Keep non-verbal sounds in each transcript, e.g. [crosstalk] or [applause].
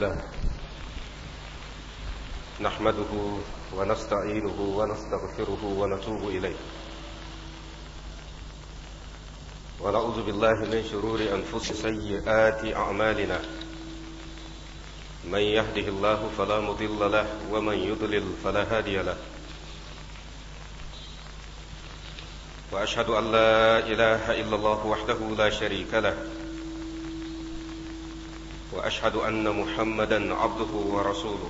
له نحمده ونستعينه ونستغفره ونتوب إليه ونعوذ بالله من شرور أنفس سيئات أعمالنا من يهده الله فلا مضل له ومن يضلل فلا هادي له وأشهد أن لا إله إلا الله وحده لا شريك له واشهد ان محمدا عبده ورسوله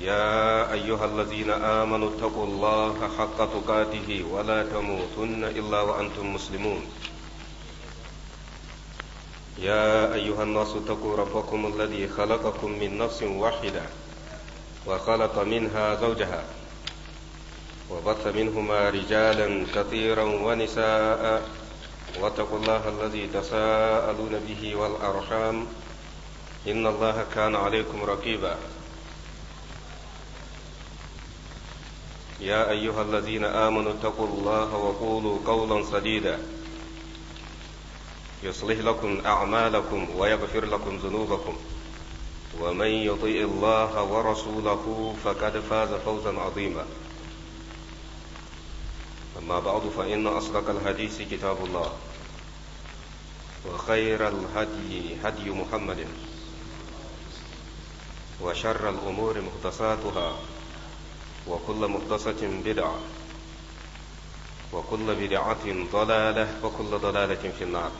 يا ايها الذين امنوا اتقوا الله حق تقاته ولا تموتن الا وانتم مسلمون يا ايها الناس اتقوا ربكم الذي خلقكم من نفس واحده وخلق منها زوجها وبث منهما رجالا كثيرا ونساء واتقوا الله الذي تساءلون به والأرحام إن الله كان عليكم رقيبا يا أيها الذين آمنوا اتقوا الله وقولوا قولا سديدا يصلح لكم أعمالكم ويغفر لكم ذنوبكم ومن يطيء الله ورسوله فقد فاز فوزا عظيما أما بعد فإن أصدق الحديث كتاب الله وخير الهدي هدي محمد وشر الأمور محدثاتها وكل محدثة بدعة وكل بدعة ضلالة وكل ضلالة في النار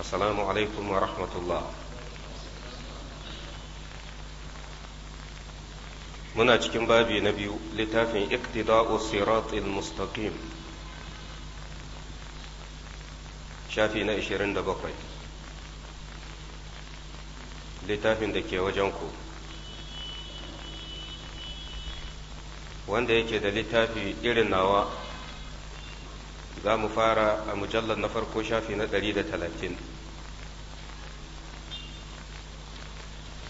السلام عليكم ورحمة الله muna cikin babi na biyu littafin iktida'u siratil mustaqim shafi na 27 littafin da ke wajen ku wanda yake da littafi irin nawa za mu fara a mujallar na farko shafi na 130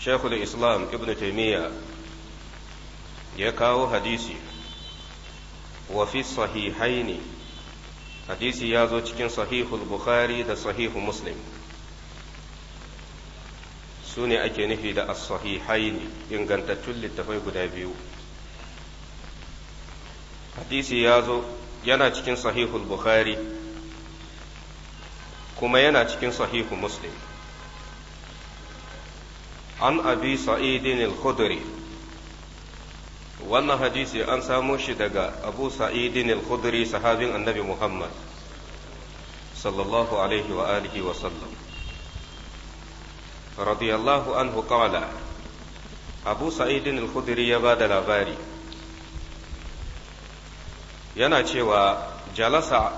shekul islam ibn taimiyya ya kawo hadisi wa fi ne hadisi ya zo cikin sahihul bukhari da sahihu muslim su ne ake nufi da as ne ingantattun littafai guda biyu hadisi ya zo yana cikin sahihul bukhari kuma yana cikin sahihu muslim an abi sa'idin al-khudri wannan hadisi an samo shi daga abu sa'idin al-khudri sahabin annabi muhammad sallallahu alaihi wa alihi wa sallam radiyallahu anhu qala abu sa'idin al-khudri ya ba da labari yana cewa jalasa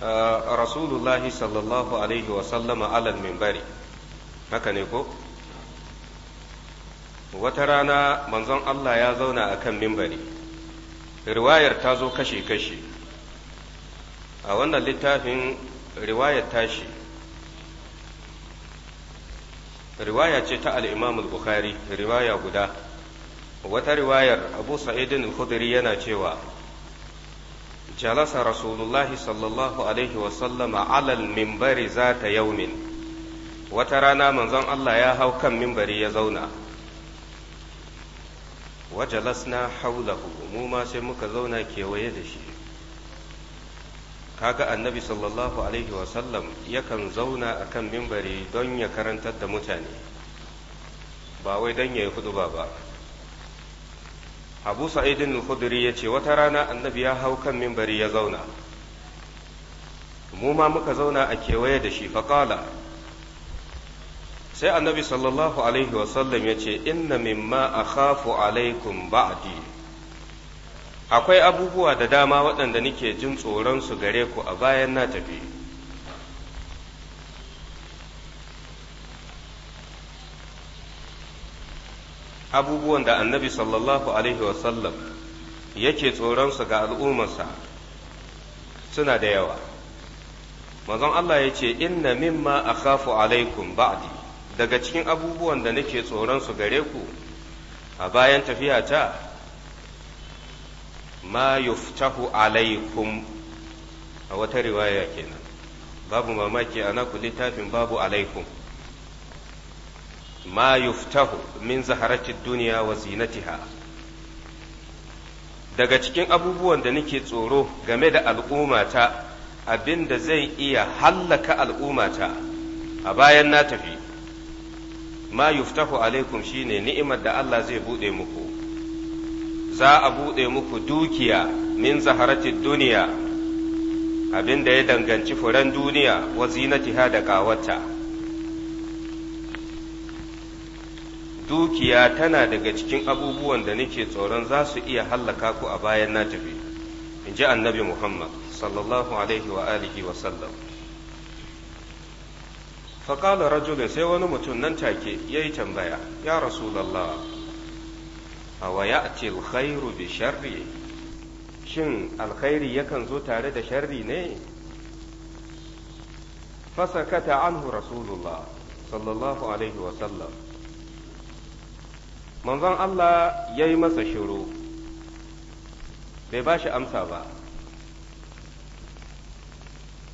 uh, rasulullahi sallallahu alaihi wa sallama alal minbari haka ne ko wata rana manzon Allah ya zauna a kan mimbari riwayar ta zo kashe-kashe a wannan littafin riwayar tashi riwaya ce ta al'imam bukhari riwaya guda wata riwayar abu sa'idin khudri yana cewa jalasa rasulullahi sallallahu alaihi wasallama alal mimbari za ta yaumin wata rana manzon Allah ya hau kan mimbari ya zauna wajalasna haulahu mu ma sai muka zauna kewaye da shi kaga annabi sallallahu alaihi wasallam yakan zauna a kan mimbari don ya karantar da mutane ba wai don ya yi hudu ba ba abu sa'idin khudri ya ce wata rana annabi ya hau kan mimbari ya zauna mu ma muka zauna a kewaye da shi faƙala sai annabi sallallahu alaihi wasallam ya ce inna mimma akhafu alaikum ba'di akwai abubuwa da dama waɗanda nake jin tsoron su gare ku a bayan na tafi abubuwan da annabi sallallahu alaihi wasallam yake tsoron su ga al'ummarsa suna da yawa manzon Allah ya ce inna mimma akhafu alaikum ba'di daga cikin abubuwan da nake tsoron su gare ku a bayan tafiya ta ma yuftahu alaikum a wata riwaya kenan babu mamaki ana ku littafin babu alaikum ma yuftahu min zaharatid duniya wa zinatiha daga cikin abubuwan da nake tsoro game da al'ummata abin da zai iya hallaka al'ummata a bayan na tafi ma yuftahu alaikum shine ni'imar da Allah zai bude muku za a bude muku dukiya min zaharatid duniya abinda ya danganci furen duniya wa zinatiha da kawata dukiya tana daga cikin abubuwan da nake tsoron za su iya hallaka ku a bayan na tafi in ji annabi muhammad sallallahu alaihi wa alihi wa sallam faƙala rajulun sai wani mutum nan take ya yi tambaya ya rasulallah a waya til khairu bi sharri shin alkhairi yakan zo tare da sharri ne fasakata anhu rasulullah sallallahu alaihi wasallam manzon Allah ya yi masa shiru bai ba shi amsa ba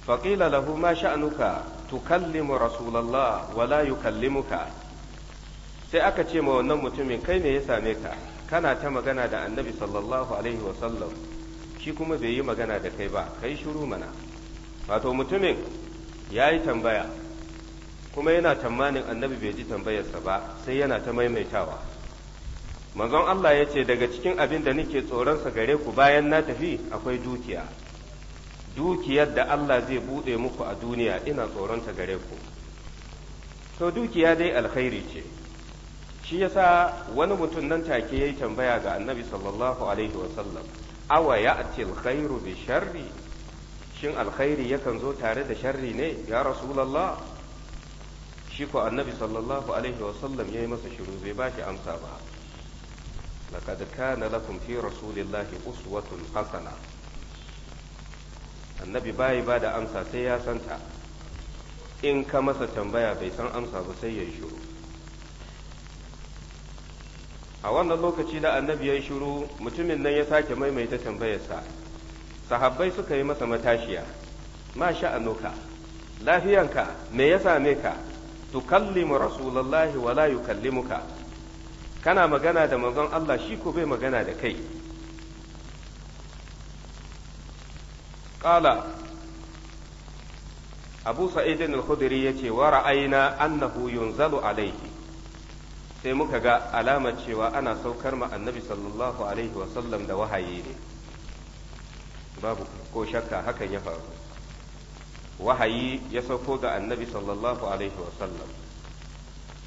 faƙila lahu ma sha'anuka tukallimu rasulallah wala yukallimuka sai aka ce ma wannan mutumin kai ne ya same ka kana ta magana da annabi sallallahu alaihi wasallam shi kuma bai yi magana da kai ba kai shiru mana wato mutumin ya yi tambaya kuma yana tamanin annabi bai ji tambayarsa ba sai yana ta maimaitawa manzon Allah ya ce daga cikin abin da nake tsoronsa gare ku bayan na tafi akwai dukiya dukiyar da Allah zai buɗe muku a duniya ina tsoronta gare ku to dukiya dai alkhairi ce shi yasa wani mutum nan take yayi tambaya ga annabi sallallahu alaihi wasallam awa ya'ti alkhairu bi sharri shin alkhairi yakan zo tare da sharri ne ya rasulullah shi ko annabi sallallahu alaihi wasallam yayi masa shiru zai ba shi amsa ba laqad kana lakum fi rasulillahi uswatun hasana annabi bayi ba da amsa sai ya santa in ka masa tambaya bai san amsa ba sai ya shuru. a wannan lokaci da annabi ya shuru mutumin nan ya sake maimaita tambayarsa sahabbai suka yi masa matashiya ma sha'anuka lafiyanka me ya same ka tukallimu rasulullahi wala yukallimuka kana magana da manzon Allah shi ko bai magana da kai qala abu sa'id al-khudri yace wa ra'ayna annahu yunzalu alayhi sai muka ga alamar cewa ana saukar ma annabi sallallahu alaihi wa sallam da wahayi ne babu ko shakka hakan ya faru wahayi ya sauko ga annabi sallallahu alaihi wa sallam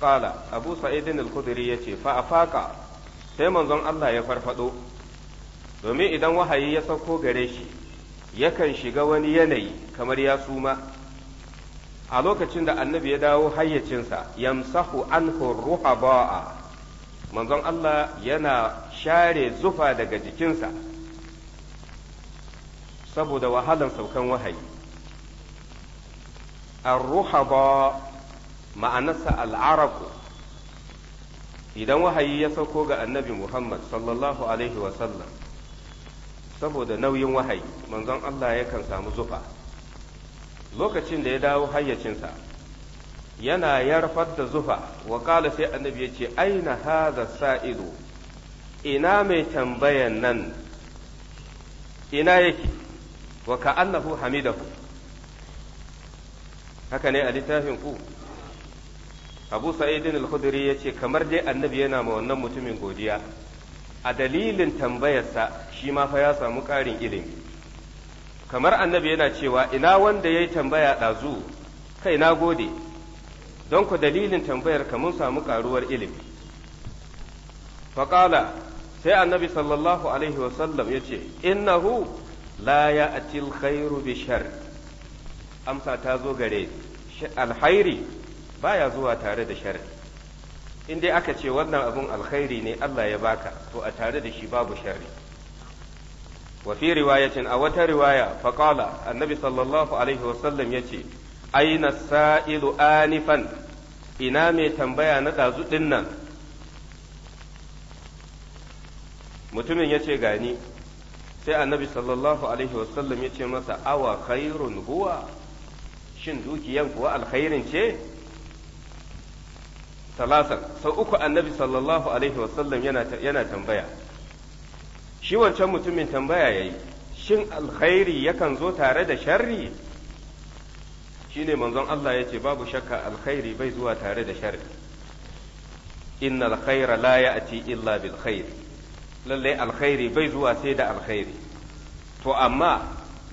qala abu sa'idin al-khudri yace fa afaqa sai manzon Allah ya farfado domin idan wahayi ya sauko gare shi yakan shiga wani yanayi kamar ya suma a lokacin da annabi ya dawo hayyacinsa yamsahu anhu ba'a manzon Allah yana share zufa daga jikinsa saboda wahalan saukan wahayi ar-ruhaba ma'anarsa al'araku idan wahayi ya sauko ga annabi Muhammad sallallahu alaihi wa sallam saboda nauyin wahayi manzon Allah yakan samu zufa lokacin da ya dawo hayyacinsa yana yarfar da zufa wa kala sai annabi ya ce aina haza sa'idu ina mai tambayan nan ina yake wa ka'annahu hamidahu haka ne a littafin ku abu sa'idin al-khudri ya ce kamar dai annabi yana ma wannan mutumin godiya a dalilin tambayarsa shi ma fa ya samu ƙarin ilimi kamar annabi yana cewa ina wanda ya yi tambaya ɗazu kai na gode don ku dalilin tambayar ka mun samu ƙaruwar ilimi faƙala sai annabi sallallahu alaihi wasallam ya ce innahu la ya atil khairu bi amsa ta zo gare alhairi baya zuwa tare da shari in dai aka ce wannan abun alkhairi ne Allah ya baka to a tare da shi babu shari wa fi riwayatin a wata riwaya faqala annabi sallallahu alaihi wasallam yace aina sa'ilu anifan ina mai tambaya na dazu din nan mutumin yace gani sai annabi sallallahu alaihi wasallam yace masa awa khairun huwa shin dukiyan kuwa alkhairin ce talatan sau uku annabi sallallahu alaihi wasallam yana tambaya shi wancan mutumin tambaya ya yi shin alkhairi yakan zo tare da sharri shine manzon Allah ya ce babu shakka alkhairi bai zuwa tare da sharri inna alkhaira la ya'ti illa bil khair lalle alkhairi bai zuwa sai da alkhairi to amma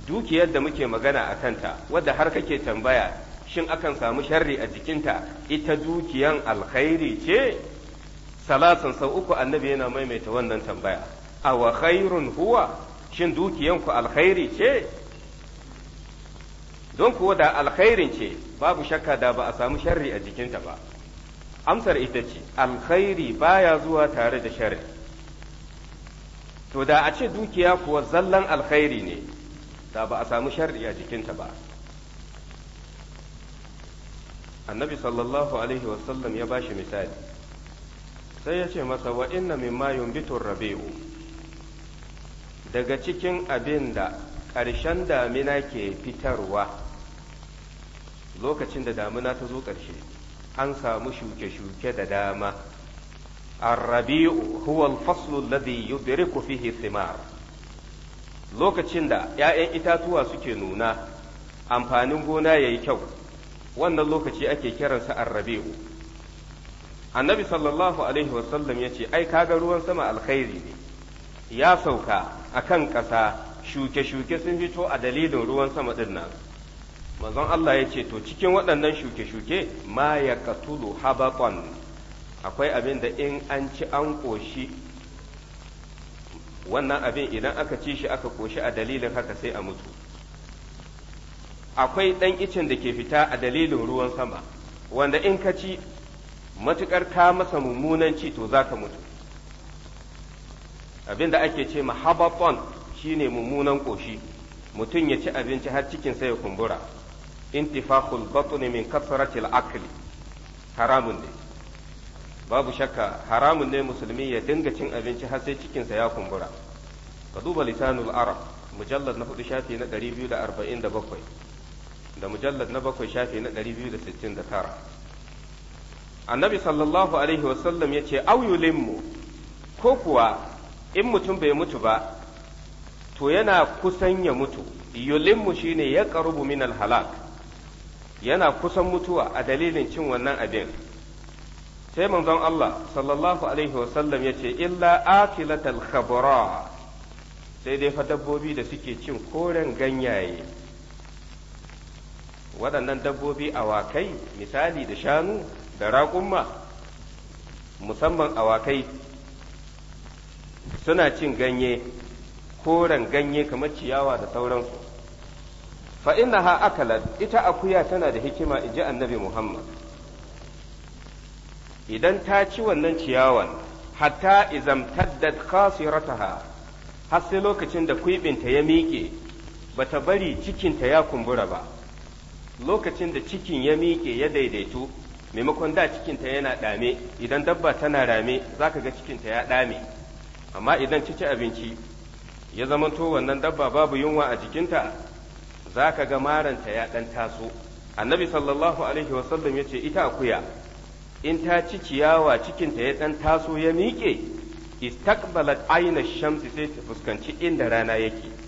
dukiyar da muke magana a kanta wadda har kake tambaya shin akan samu sharri a jikinta ita dukiyan alkhairi ce salasan sau uku annabi yana maimaita wannan tambaya awa khairun huwa shin dukiyanku alkhairi ce don kuwa da alkhairin ce babu shakka da ba a samu sharri a jikinta ba amsar ita ce alkhairi baya zuwa tare da sharri to da a ce dukiya kuwa zallan alkhairi ne da ba a samu sharri a jikinta ba annabi sallallahu alaihi wasallam ya bashi misali sai ya ce masa wa inna rabi'u daga cikin abin da ƙarshen damina ke fitarwa lokacin da damina ta zo ƙarshe an samu shuke-shuke da dama الربيع huwal faslun الذي يدرك فيه الثمار lokacin da ‘ya'yan itatuwa suke nuna amfanin gona ya yi kyau wannan lokaci ake kiransa arrabi'u annabi sallallahu alaihi wasallam ya ce ai kaga ruwan sama alkhairi ne ya sauka akan ƙasa shuke-shuke sun fito a dalilin ruwan sama din nan manzon Allah ya ce to cikin waɗannan shuke-shuke ma ya katulu habaton akwai abin da in an ci an ƙoshi wannan abin idan aka ci shi aka ƙoshi a dalilin haka sai a mutu akwai ɗan icen da ke fita a dalilin ruwan sama wanda in ka ci matuƙar ka masa mummunan ci to za ka mutu abinda ake ce mahabaton shine mummunan ƙoshi mutum ya ci abinci har cikinsa ya kumbura intifakul batni min kasratil akli haramun ne babu shakka haramun ne musulmi ya dinga cin abinci har sai cikinsa ya kumbura ka duba lisanul arab mujallar na hudu shafi na 247 da mujallad na bakwai shafi na 269 annabi sallallahu alaihi wasallam ya ce auyulinmu ko kuwa in mutum bai mutu ba to yana kusan ya mutu yulinmu shine ya karubu min halak yana kusan mutuwa a dalilin cin wannan abin sai manzon Allah sallallahu alaihi wasallam ya ce illa akilatal khabara sai dai fa dabbobi da suke cin koren ganyaye waɗannan dabbobi awakai misali da shanu da raƙumma musamman awakai suna cin ganye koren ganye kamar ciyawa da sauransu fa ha akalat ita akuya tana da hikima in ji annabi muhammad idan ta ci wannan ciyawan hatta izamtaddat khasirataha har sai lokacin da kuibinta ya miƙe bata bari cikinta ya kumbura ba lokacin da cikin ya miƙe ya daidaito maimakon da cikinta yana ɗame idan dabba tana rame za ka ga cikinta ya ɗame amma idan cici abinci ya zamanto wannan dabba babu yunwa a jikinta za ka ga maranta ya ɗan taso annabi sallallahu alaihi wasallam ya ce ita akuya in ta ci ciyawa cikinta ya ɗan taso ya miƙe istakbalat aina shamsi sai ta fuskanci inda rana yake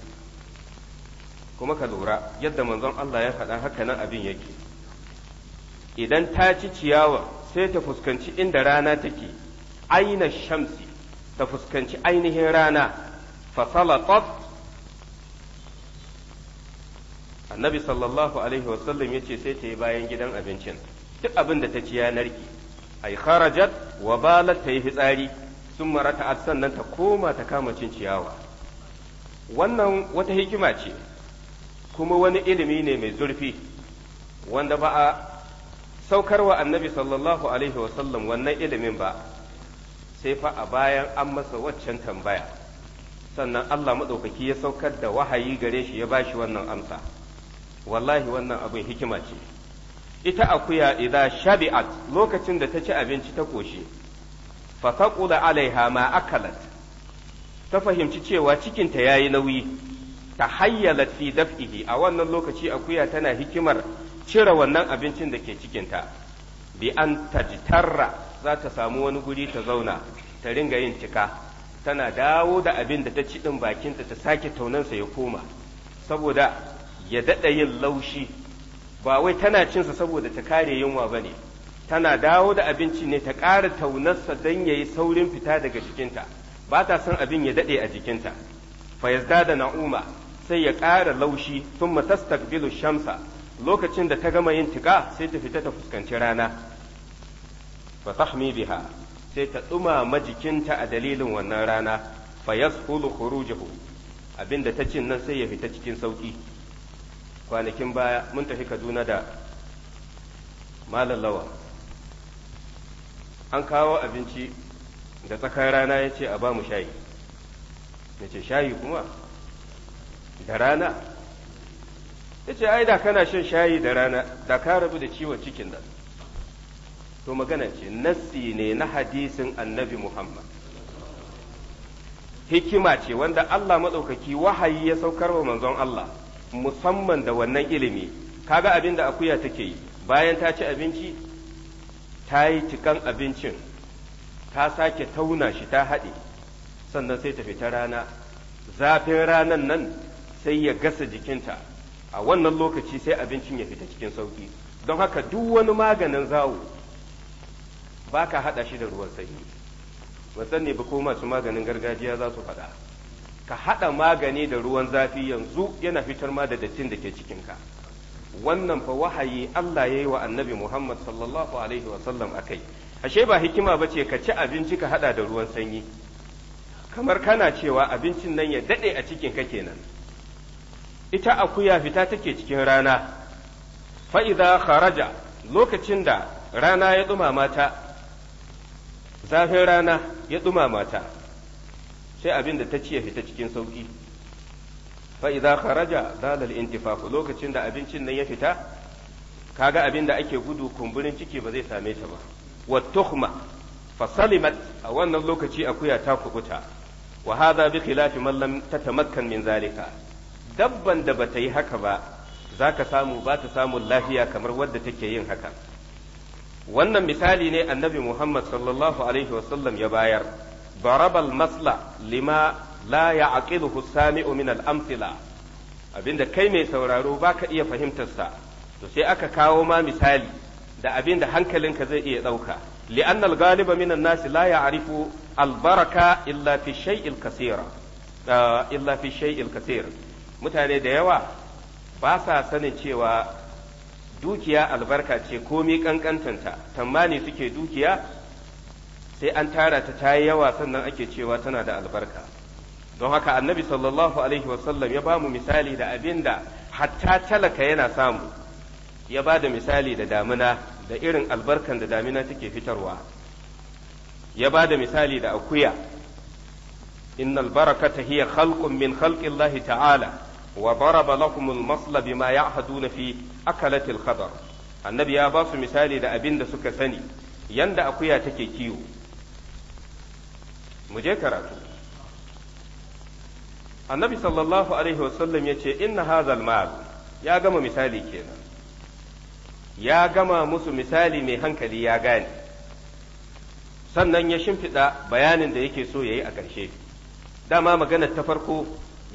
kuma ka lura yadda manzon Allah ya faɗa haka nan abin yake idan ta ci ciyawa sai ta fuskanci inda rana take aina shamsi ta fuskanci ainihin rana fasalatat annabi sallallahu alaihi wasallam ya ce sai ta yi bayan gidan abincin duk abin da ta ci ya narki ai kharajat wa balat ta yi fitsari sun marata sannan ta koma ta kama cin ciyawa wannan wata hikima ce kuma wani ilimi ne mai zurfi wanda ba a saukarwa annabi sallallahu alaihi wasallam wannan ilimin ba sai fa a bayan an masa waccan tambaya sannan Allah maɗaukaki ya saukar da wahayi gare shi ya bashi wannan amsa wallahi wannan abin hikima ce ita akuya idza shabi'at lokacin da ta ci abinci ta koshi fa taqula alaiha ma akalat ta fahimci cewa cikinta yayi nauyi ta tahayyalat fi daf'ihi a wannan lokaci akuya tana hikimar cire wannan abincin da ke cikinta bi an tajtarra za ta samu wani guri ta zauna ta ringa yin cika tana dawo da abin da ta ci din bakinta ta sake taunansa ya koma saboda ya dada yin laushi ba wai tana cinsa saboda ta kare yunwa ba ne tana dawo da abinci ne ta ƙara taunarsa don ya yi saurin fita daga jikinta ba ta son abin ya daɗe a jikinta fa da na'uma sai ya ƙara laushi sun bilu shamsa lokacin da ta gama yin tika sai ta fita ta fuskanci rana fa tahmi biha sai ta tsuma jikinta a dalilin wannan rana fa yasfulu khurujuhu abinda ta cin nan sai ya fita cikin sauki kwanakin baya mun tafi Kaduna da malalawa an kawo abinci da tsakar rana ya ce a ba mu shayi ya ce shayi kuma da rana ya ce ai da kana shan shayi da rana da ka rabu da ciwon cikin nan to magana ce nassi ne na hadisin annabi muhammad hikima ce wanda allah maɗaukaki wahayi ya saukar wa manzon allah musamman da wannan ilimi kaga abin da akuya take yi bayan ta ci abinci ta yi cikan abincin ta sake tauna shi ta haɗe sannan sai tafi ta rana zafin ranan nan sai ya gasa jikinta a wannan lokaci sai abincin ya fita cikin sauki don haka duk wani maganin zawo ba ka haɗa shi da ruwan sanyi wasan ne ba ko masu maganin gargajiya za su faɗa ka haɗa magani da ruwan zafi yanzu yana fitar ma da dattin da ke cikinka wannan fa wahayi Allah ya yi wa annabi Muhammad sallallahu alaihi wasallam a kai ashe ba hikima ba ce ka ci abinci ka haɗa da ruwan sanyi kamar kana cewa abincin nan ya daɗe a cikinka kenan ita akuya fita take cikin rana fa'iza kharaja lokacin da rana ya ɗumama ta zafin rana ya ɗumama ta sai abin da ta ci ya fita cikin sauƙi fa'iza kharaja zalal intifaku lokacin da abincin nan ya fita kaga abin da ake gudu kumburin ciki ba zai same ta ba wa tuhma fasalimat a wannan lokaci akuya ta kubuta wa hadha bi khilafi mallam ta tamakkan min zalika dabban da bata yi haka ba za ka samu ba ta samun lafiya kamar wadda take yin haka wannan misali ne annabi muhammad sallallahu alaihi wasallam ya bayar barabal masla lima la ya aqiluhu sami'u min al-amthila abinda kai mai sauraro baka iya fahimtarsa to sai aka kawo ma misali da abinda hankalinka zai iya ɗauka li'anna galiba ghaliba min an la ya'rifu al-baraka illa fi shay'il kaseera ah, illa fi shay'il kaseera mutane da yawa ba sa sanin cewa dukiya albarka ce komi kankantanta tammani suke dukiya sai an tara ta ta yawa sannan ake cewa tana da albarka don haka annabi sallallahu alaihi wasallam ya ba mu misali da abin da hatta talaka yana samu ya ba da misali da damina da irin albarkan da damina take fitarwa ya ba da misali da akuya innal barakata hiya khalqun min khalqillahi ta'ala wa maslabi ma ya hadu ya'haduna fi akalatil khadar annabi ya ba su misali da abin da suka sani yanda akuya take kiwo mu je karatu annabi sallallahu alaihi wasallam ya ce inna hazal mal ya gama misali kenan ya gama musu misali mai hankali ya gane sannan ya shimfiɗa bayanin da yake so ya yi a ƙarshe dama maganar ta farko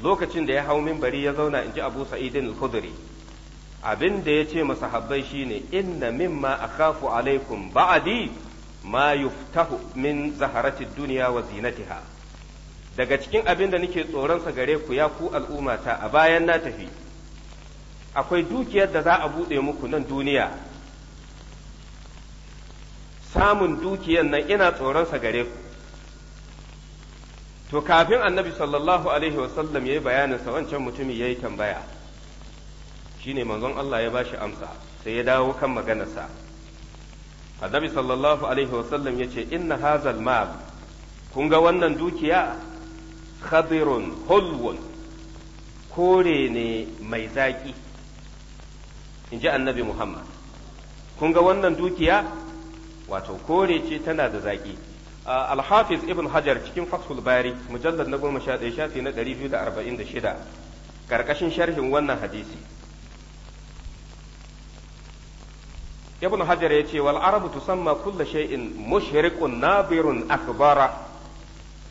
lokacin da ya hau minbari ya zauna in ji abu sa'idin al-khudri abin da ya ce masahabbai shine inna mimma akhafu alaikum ba'adi ma yuftahu min zaharati dunya wa zinatiha daga cikin abin da nake tsoron sa gare ku ya ku ta, a bayan na tafi akwai dukiyar da za a bude muku nan duniya samun dukiyar nan ina tsoron sa gare ku to kafin annabi sallallahu alaihi wasallam ya yi bayanin sa wancan mutumin ya yi tambaya shine manzon Allah ya bashi amsa sai ya dawo kan maganarsa annabi sallallahu alaihi wasallam ya ce inna hazal mal kun ga wannan dukiya khadirun hulwun kore ne mai zaƙi in ji annabi muhammad kun ga wannan dukiya wato kore ce tana da zaƙi al-hafiz ibn hajar cikin fathul bari mujallad na goma sha ɗaya shafi na ɗari biyu da arba'in da shida karkashin sharhin wannan hadisi ibn hajar ya ce wal'arabu arabu tusamma kulla shay'in mushriqun nabirun akbara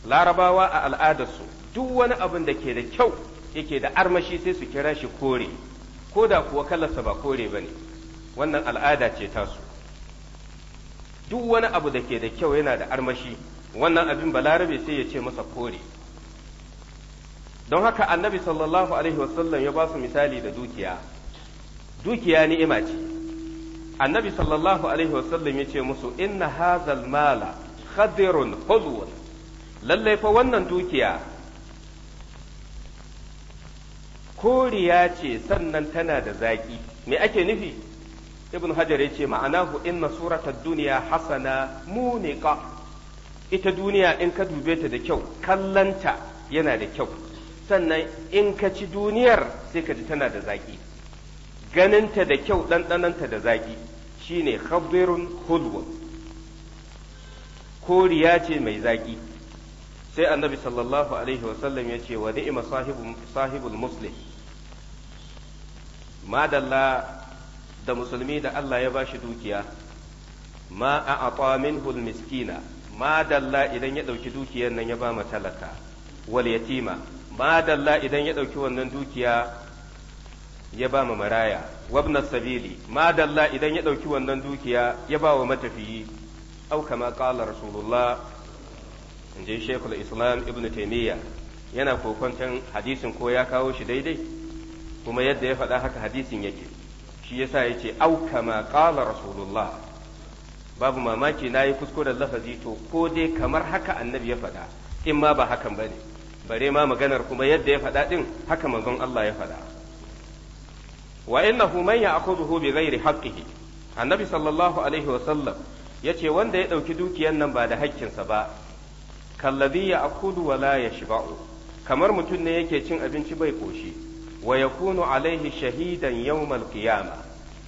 larabawa a su duk wani abun da ke da kyau yake da armashi sai su kira shi kore ko da kuwa kalarsa ba kore ba ne wannan al'ada ce tasu duk wani abu da ke da kyau yana da armashi wannan abin balarabe sai ya ce masa kore don haka annabi sallallahu alaihi wasallam ya ba su misali da dukiya dukiya ni'ima ce annabi sallallahu alaihi wasallam ya ce musu inna hazal mala khadirun huzwun lalle fa wannan dukiya koriya ce sannan tana da zaƙi me ake nufi ibn hajar ya ce ma'anahu inna surata duniya hasana munika ita duniya in ka dube ta da kyau kallanta yana da kyau sannan in ka ci duniyar sai ka ji tana da zaƙi ganinta da kyau ɗanɗananta da zaƙi shine khabirun hulwa koriya ce mai zaƙi sai annabi sallallahu alaihi wasallam ya ce wa ni'ima sahibul muslim madalla da musulmi da Allah ya ba shi dukiya ma a minhul miskina ma dalla idan ya ɗauki dukiyar nan ya ba ma talaka wal yatima ma dalla idan ya ɗauki wannan dukiya ya ba maraya wabna sabili ma dalla idan ya ɗauki wannan dukiya ya ba wa matafiyi au kama qala rasulullah in je shekul islam ibn taimiyya yana kokwanton hadisin ko ya kawo shi daidai kuma yadda ya faɗa haka hadisin yake shi yasa ce au kama ƙala rasulullah babu mamaki na kusko da lafazi to ko dai kamar haka annabi ya faɗa in ma ba hakan ba ne bare ma maganar kuma yadda ya faɗa ɗin haka manzon Allah ya faɗa wa innahu man ya'khudhuhu bi ghairi haqqihi annabi sallallahu alaihi wa sallam yace wanda ya ɗauki dukiyar nan ba da hakkinsa ba kallazi ya akudu wala ya shiba'u kamar mutum ne yake cin abinci bai ƙoshi. wa yakunu alaihi shahidan yawmal qiyama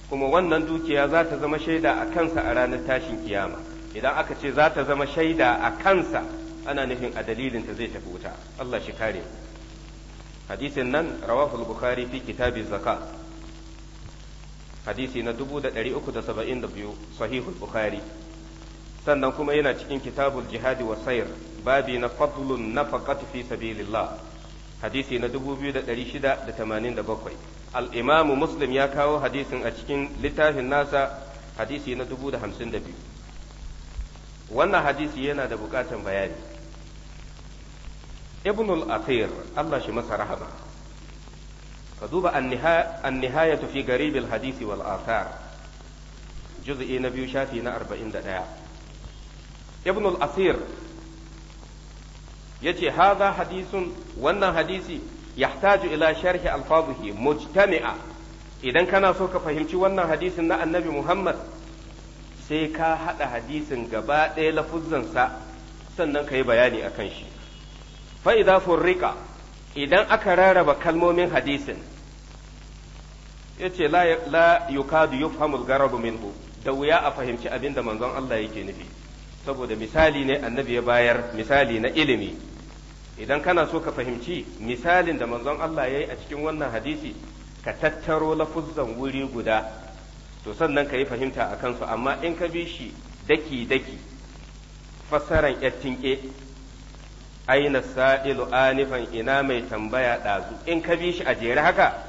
kuma wannan dukiya za ta zama shaida a kansa a ranar tashin kiyama idan aka ce za ta zama shaida a kansa ana nufin a dalilinta zai tafi wuta Allah shi kare hadisin nan rawahu al-bukhari fi kitabi zakat hadisi na 372 sahihul bukhari sannan kuma yana cikin kitabul jihadi wa sayr babi na fadlun nafaqati fi sabilillah hadisi na 2687 al-imamu muslim ya kawo hadisin a cikin littafin nasa hadisi na 1052 wannan hadisi yana da bukatan bayani ibn al-athir Allah shi masa rahama ka duba an-nihayatu fi garib al-hadisi wal athar juz'i na biyu shafi na yace haza hadisin wannan hadisi yahtaju ila sharhi alfazihi mujtami'a idan kana so ka fahimci wannan hadisin na annabi Muhammad sai ka hada hadisin gaba ɗaya lafuzzansa sannan ka yi bayani akan shi fa furrika idan aka rarraba kalmomin hadisin yace la la yukadu yufhamu al-garabu minhu da wuya a fahimci abin da manzon Allah yake nufi saboda misali ne annabi ya bayar misali na ilimi idan kana so ka fahimci misalin da manzon Allah ya yi a cikin wannan hadisi ka tattaro lafuzzan wuri guda to sannan ka yi fahimta a kansu amma in ka bi shi daki-daki fassaran yattinke aina sa'ilu anifan ina mai tambaya ɗazu in ka bi shi a jere haka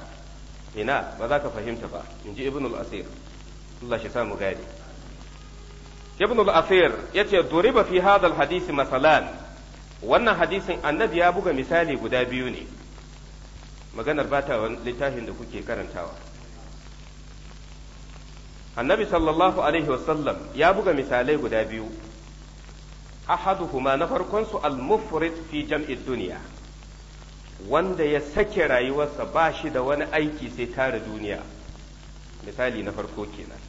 ina ba za ka fahimta ba in ji ibn al-asir Allah shi samu gadi ibn al-asir ya ce duriba fi hadal hadisi masalan wannan hadisin annabi ya buga misali guda biyu ne maganar bata littafin da kuke karantawa annabi sallallahu alaihi wasallam ya buga misalai guda biyu ahaduhuma na farkonsu al-mufrid fi jam'i duniya wanda ya sake rayuwarsa ba shi da wani aiki sai tara duniya misali na farko kenan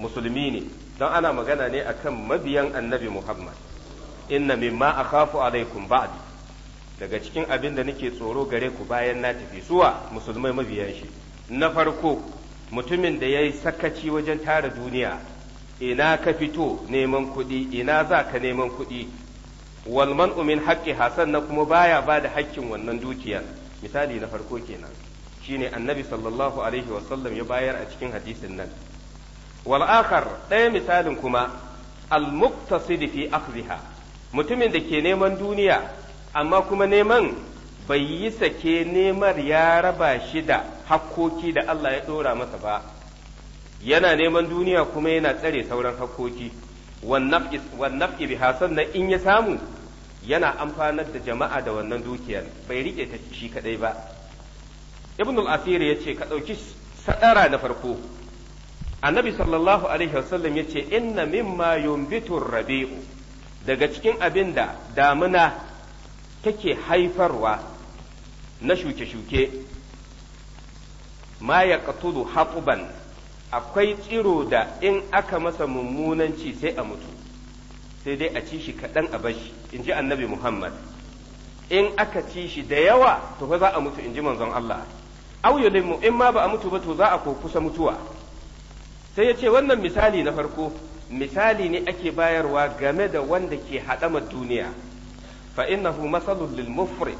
musulmi ne don ana magana ne akan mabiyan annabi muhammad inna mimma akhafu alaikum ba'di daga cikin abin da nake tsoro gare ku bayan na tafi suwa musulmai mabiyan shi na farko mutumin da ya sakaci wajen tara duniya ina ka fito neman kuɗi ina za ka neman kuɗi walman umin haƙƙi hasan na kuma baya ba da haƙƙin wannan dukiyar misali na farko kenan shine annabi sallallahu alaihi ya bayar a cikin hadisin nan wal akhar ɗaya misalin kuma al muqtasid fi akhdhiha mutumin da ke neman duniya amma kuma neman bai yi sake nemar ya raba shi da hakkoki da Allah ya ɗora masa ba yana neman duniya kuma yana tsare sauran hakkoki wannaf'i hasan na in ya samu yana amfanar da jama'a da wannan dukiyar bai riƙe ta shi kadai ba ibnul asiri ya ce ka ɗauki sadara na farko annabi sallallahu alaihi wasallam ya ce inna mimma yumbitu rabi'u daga cikin abin da damuna take haifarwa na shuke-shuke ma ya katulu haƙuban akwai tsiro da in aka masa mummunan ci sai a mutu sai dai a ci shi kaɗan a bashi in ji annabi muhammad in aka ci shi da yawa to fa za a mutu in ji manzon Allah au mu in ma ba a mutu ba to za a ko kusa mutuwa sai ya ce wannan misali na farko misali ne ake bayarwa game da wanda ke haɗama duniya fa innahu masalul lil mufrid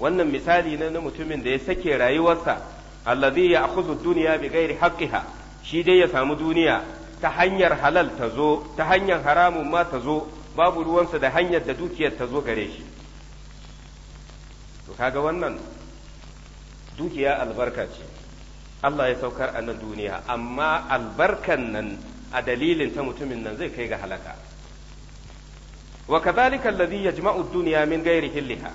wannan misali ne na mutumin da ya sake rayuwarsa allazi ya akhudhu dunya bi ghairi haqqiha shi dai ya samu duniya ta hanyar halal ta zo ta hanyar haramun ma ta zo babu ruwansa da hanyar da dukiyar ta zo gare shi to kaga wannan dukiya albarka ce Allah ya saukar a nan duniya amma albarkan nan a dalilin ta mutumin nan zai kai ga halaka wa kadhalika alladhi yajma'u ad-dunya min ghairi hilliha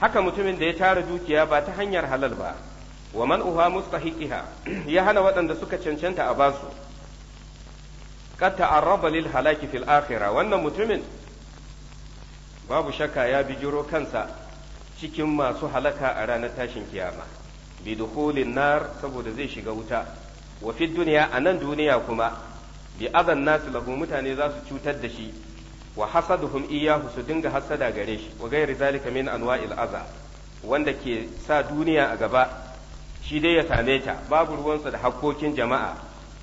haka mutumin da ya tara dukiya ba ta hanyar halal ba wa man uha mustahiqiha [clears throat] ya hana waɗanda suka cancanta a basu qad ta'arraba lil halaki fil akhirah wannan mutumin babu shakka ya bijiro kansa cikin masu halaka a ranar tashin kiyama bi dukhulin nar saboda zai shiga wuta wa fi dunya anan duniya kuma bi adan nasu lahu mutane za su cutar da shi wa hasaduhum iyahu su dinga hasada gare shi wa gairi zalika min anwa'il aza wanda ke sa duniya a gaba shi dai ya same ta babu ruwansa da hakkokin jama'a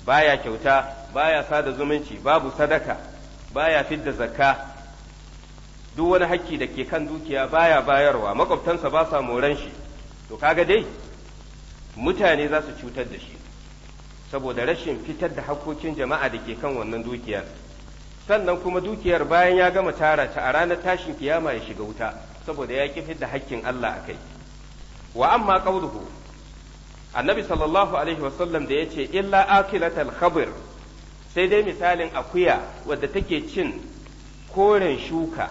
baya kyauta baya sada zumunci babu sadaka baya fidda zakka duk wani hakki da ke kan dukiya baya bayarwa makwabtansa ba sa moran shi to kaga dai mutane za su cutar da shi saboda rashin fitar da hakkokin jama'a da ke kan wannan dukiyar sannan kuma dukiyar bayan ya gama tara ta a ranar tashin kiyama ya shiga wuta saboda ya ki da hakkin Allah a kai wa amma qauluhu annabi sallallahu alaihi wasallam da yace illa akilatal khabir sai dai misalin akuya wadda take cin koren shuka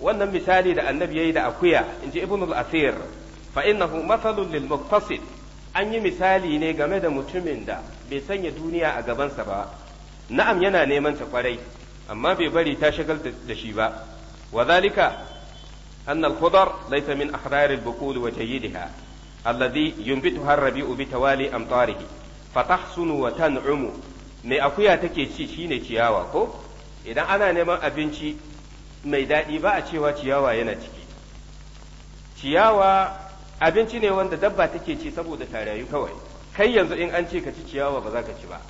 wannan misali da annabi yayi da akuya inji ibnul asir fa innahu mathalun lil muqtasid an yi misali ne game da mutumin da bai sanya duniya a gabansa ba na'am yana neman ta kwarai amma bai bari ta shagal da shi ba wa zalika an al-khudar laysa min ahrar al-buqul wa jayyidiha alladhi yunbituha ar-rabi'u bi tawali amtarihi fatahsunu wa tan'umu mai akuya take ci shine ciyawa ko idan ana neman abinci mai daɗi ba a cewa ciyawa yana ciki ciyawa abinci ne wanda dabba take ci saboda ta rayu kawai kai yanzu in an ce ka ci ciyawa ba za ka ci ba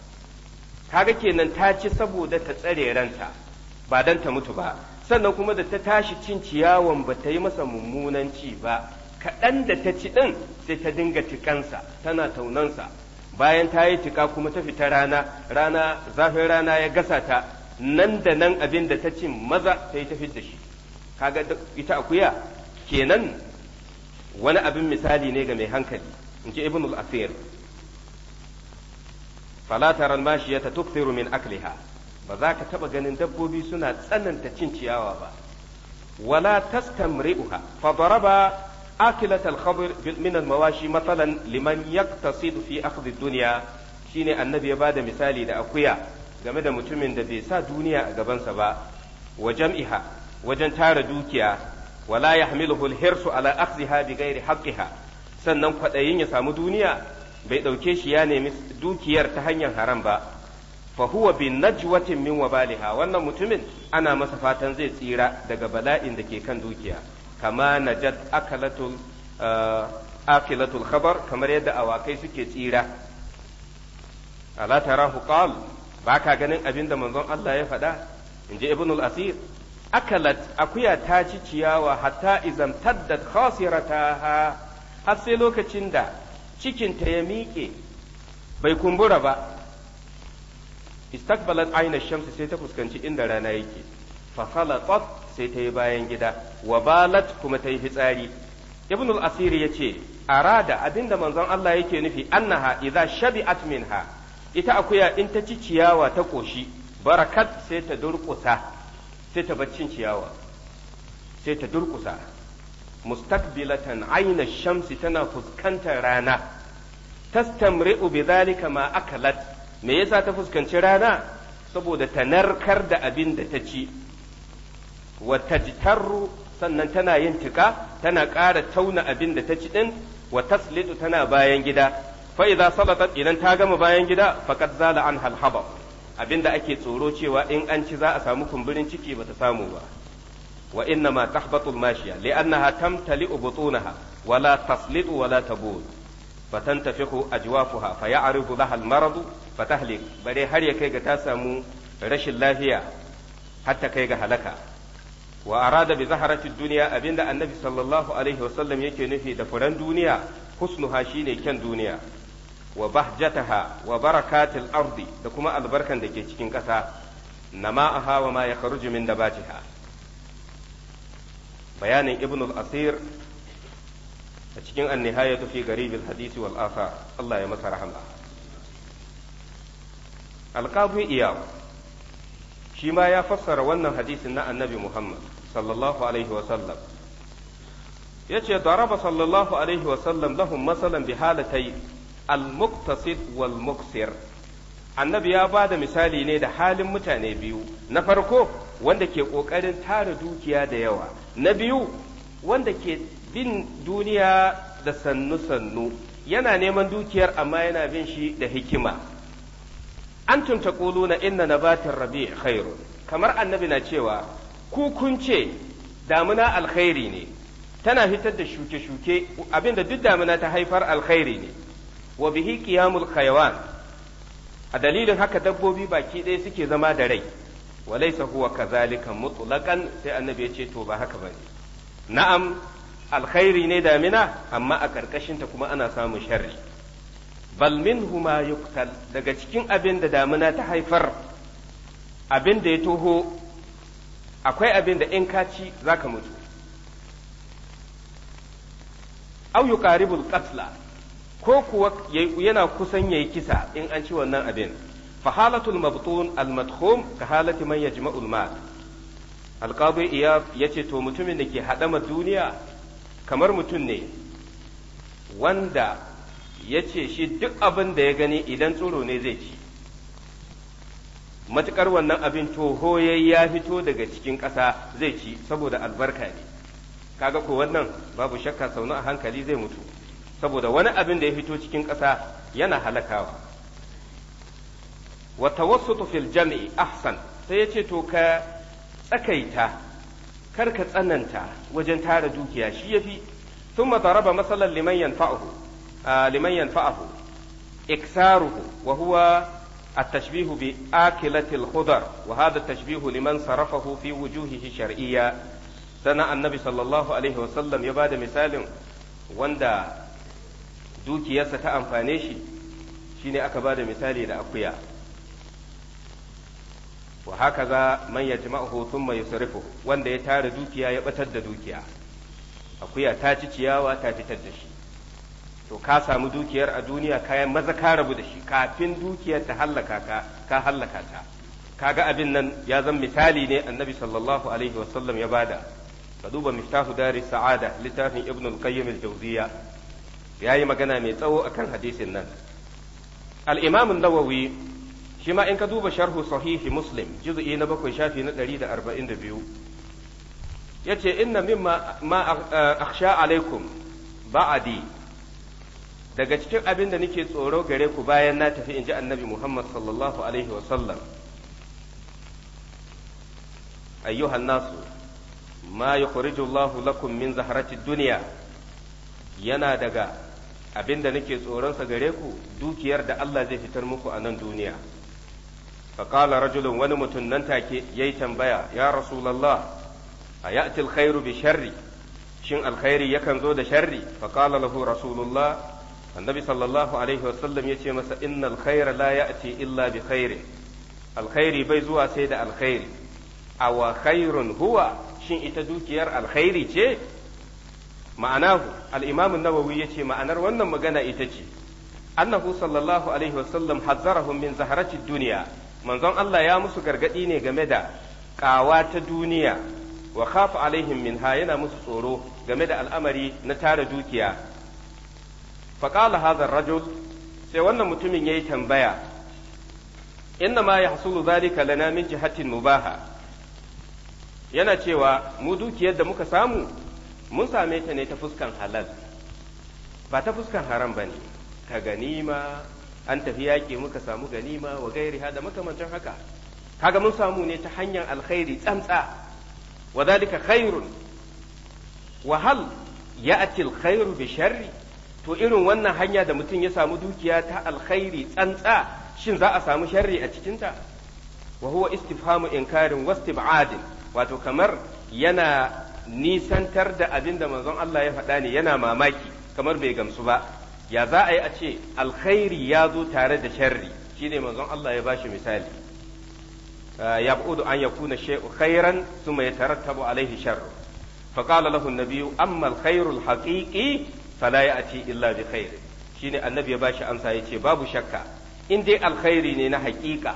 kaga kenan ta ci saboda ta tsare ranta ba dan ta mutu ba sannan kuma da ta tashi cin ciyawan ba ta yi masa mummunan ci ba kaɗan da ta ci ɗin sai ta dinga tikansa tana taunansa bayan ta yi tika kuma ta fita rana rana zafin rana ya gasa ta nan da nan abin da ta cin maza ta yi ta da shi kaga ita akuya kenan wani abin misali ne ga mai hankali in ji ibn al-asir fala taral mashiyata tukthiru min akliha ba za ka taba ganin dabbobi suna tsananta cin ciyawa ba wala tastamri'uha fa daraba akilat al-khabr min al-mawashi matalan liman yaqtasid fi akhdh ad-dunya shine annabi ya bada misali da akuya game da mutumin da bai sa duniya a gabansa ba wa jam'iha wajen tara dukiya wala yahmiluhu al-hirsu ala akhziha bi sannan kwaɗayin ya samu duniya bai ɗauke shi ya nemi dukiyar ta hanyar haram ba fa huwa bi najwatin min wabaliha wannan mutumin ana masa fatan zai tsira daga bala'in da ke kan dukiya kama najat akalatul eh, akilatul khabar kamar yadda awakai suke tsira ala tarahu qal ba ka ganin abinda manzon Allah ya faɗa in ji asir akalat akuya ta ci ciyawa hatta izam taddat khasirataha har sai lokacin da cikinta ya miƙe bai kumbura ba istakbalat aina shamsi sai ta fuskanci inda rana yake fa khalaqat sai ta yi bayan gida wa balat kuma ta yi fitsari ibn al-asir yace arada abinda manzon Allah yake nufi annaha idza shabi'at minha ita akuya in ta ci ciyawa ta koshi barakat sai ta durƙusa sai ta baccin ciyawa sai ta durkusa mustaqbilatan aina shamsi tana fuskantar rana tastamri'u bi zalika ma akalat me yasa ta fuskanci rana saboda ta narkar da abin da ta ci wa tajtarru sannan tana yin tuka tana ƙara tauna abin da ta ci din wa taslidu tana bayan gida fa idza salatat idan ta gama bayan gida faqad zala an halhaba abinda ake tsoro cewa in an ci za a samu kumburin ciki bata samu ba wa inna ma tahbatul mashiya li'annaha tamtali'u butunaha wala taslitu wala tabud fatantafihu ajwafuha faya'rifu laha al-marad fatahlik bare har ya kai ga ta samu rashin lafiya hatta kai ga halaka wa arada bi zaharati dunya abinda annabi sallallahu alaihi wasallam yake nufi da furan duniya husnuha shine kyan duniya wa bahjataha wa barakatil ardi da kuma albarkan da ke cikin ƙasa nama'aha wa ma yakhruju min nabatiha bayanin ibn asir a cikin an-nihayatu fi garib al-hadith Allah ya masa rahama al-qadi iyaw shi ma ya fassara wannan hadisin na annabi Muhammad sallallahu alaihi wa sallam yace daraba sallallahu alaihi wa sallam al-muqtasid annabi ya ba da misali ne da halin mutane biyu na farko wanda ke ƙoƙarin tara dukiya da yawa na biyu wanda ke bin duniya da sannu-sannu yana neman dukiyar amma yana bin shi da hikima an tunta na inna nabatin rabi khairu kamar annabi na cewa ku kun ce damuna alkhairi ne tana fitar da shuke-shuke abinda duk damuna ta haifar alkhairi ne wa bihi qiyamul hayawan a dalilin haka dabbobi baki ɗaya suke zama da rai wa laysa huwa kadhalika mutlaqan sai annabi ya ce to ba haka bane na'am alkhairi ne damina amma a karkashin ta kuma ana samun sharri bal minhu ma yuqtal daga cikin abin da damina ta haifar abin da ya toho akwai abin da in ka ci zaka mutu au yuqaribul qatla ko kuwa yana kusan yayi kisa in an ci wannan abin fa halatul mabtun al madkhum ka halati man yajma'ul mal qadi iyab yace to mutumin da ke hadama duniya kamar mutum ne wanda yace shi duk abin da ya gani idan tsoro ne zai ci matukar wannan abin toho ya fito daga cikin ƙasa zai ci saboda albarka ne kaga ko wannan babu shakka sauna a hankali zai mutu saboda wani abin da ya fito cikin ƙasa yana halakawa wa wasu fil jam'i ahsan sai yace to ka tsakaita kar ka tsananta wajen tara dukiya shi yafi thumma daraba masalan liman yanfa'uhu liman yanfa'uhu iksaruhu wa huwa التشبيه بآكلة الخضر وهذا التشبيه لمن صرفه في وجوهه الشرعية سنة النبي صلى الله عليه وسلم يبادى مثال وندا dukiyarsa ta amfane shi shi ne aka ba da misali da akuya wa haka za man ya hoton mai sarifu wanda ya tara dukiya ya batar da dukiya akuya ta ci ciyawa ta fitar da shi to ka samu dukiyar a duniya kayan maza ka rabu da shi kafin dukiyar ta hallaka ka ka hallaka ta kaga abin nan ya zan misali ne annabi sallallahu alaihi wasallam ya bada ka duba miftahu dari sa'ada littafin ibn al-qayyim al-jawziya ya yi magana mai tsawo a kan hadisin nan al-imam nawawi shi ma in ka duba sharhu sahihi muslim juz'i na bakwai shafi na 142 ce inna min ma akhsha alaikum ba'adi daga cikin abin da nake tsoro gare ku bayan na tafi in ji annabi Muhammad sallallahu alaihi Wasallam ayyuhan nasu ma yukhriju Allahu lakum min zahrati duniya yana daga abinda nake tsoronsa gare ku dukiyar da Allah zai fitar muku a nan duniya faƙala rajulun wani mutum nan take ya yi tambaya ya rasulallah a ya'ti alkhairu bi sharri shin alkhairi yakan zo da sharri faƙala lahu rasulullah annabi sallallahu alaihi sallam ya ce masa Inna alkhaira la ya'ti illa bi khairin alkhairi bai zuwa sai da alkhairi awa khairun huwa shin ita dukiyar alkhairi ce ma'anahu al'imamin nawawi ya ce ma'anar wannan magana ita ce annahu sallallahu alaihi wasallam hazzarahum min zaharati duniya manzon Allah ya musu gargadi ne game da ƙawa ta duniya wa khafa alaihim minha yana musu tsoro game da al'amari na tara dukiya faqala hadha rajul sai wannan mutumin ya yi tambaya inna ma yahsulu zalika lana min jihatin mubaha yana cewa mu dukiyar da muka samu mun same ta ne ta fuskan halal ba ta fuskan haram ba ne ka ganima an tafi yaƙi muka samu ganima wa gairi da makamancin haka kaga mun samu ne ta hanyar alkhairi tsamtsa wa zalika khairun wa hal ya'ti alkhairu bi sharri to irin wannan hanya da mutum ya samu dukiya ta alkhairi tsantsa shin za a samu sharri a cikinta wa huwa istifhamu inkarin wastib'adin wato kamar yana nisantar da abin da manzon Allah ya faɗa ne yana mamaki kamar bai gamsu ba ya za a yi a ce alkhairi ya zo tare da sharri shine manzon Allah ya bashi misali ah, ya bu'udu an yakuna shay'u khairan thumma yatarattabu alaihi sharru fa qala lahu an-nabiyyu amma al-khairu al-haqiqi fala ya'ti illa bi khair shine annabi ya bashi amsa yace babu shakka in dai alkhairi ne na haƙiƙa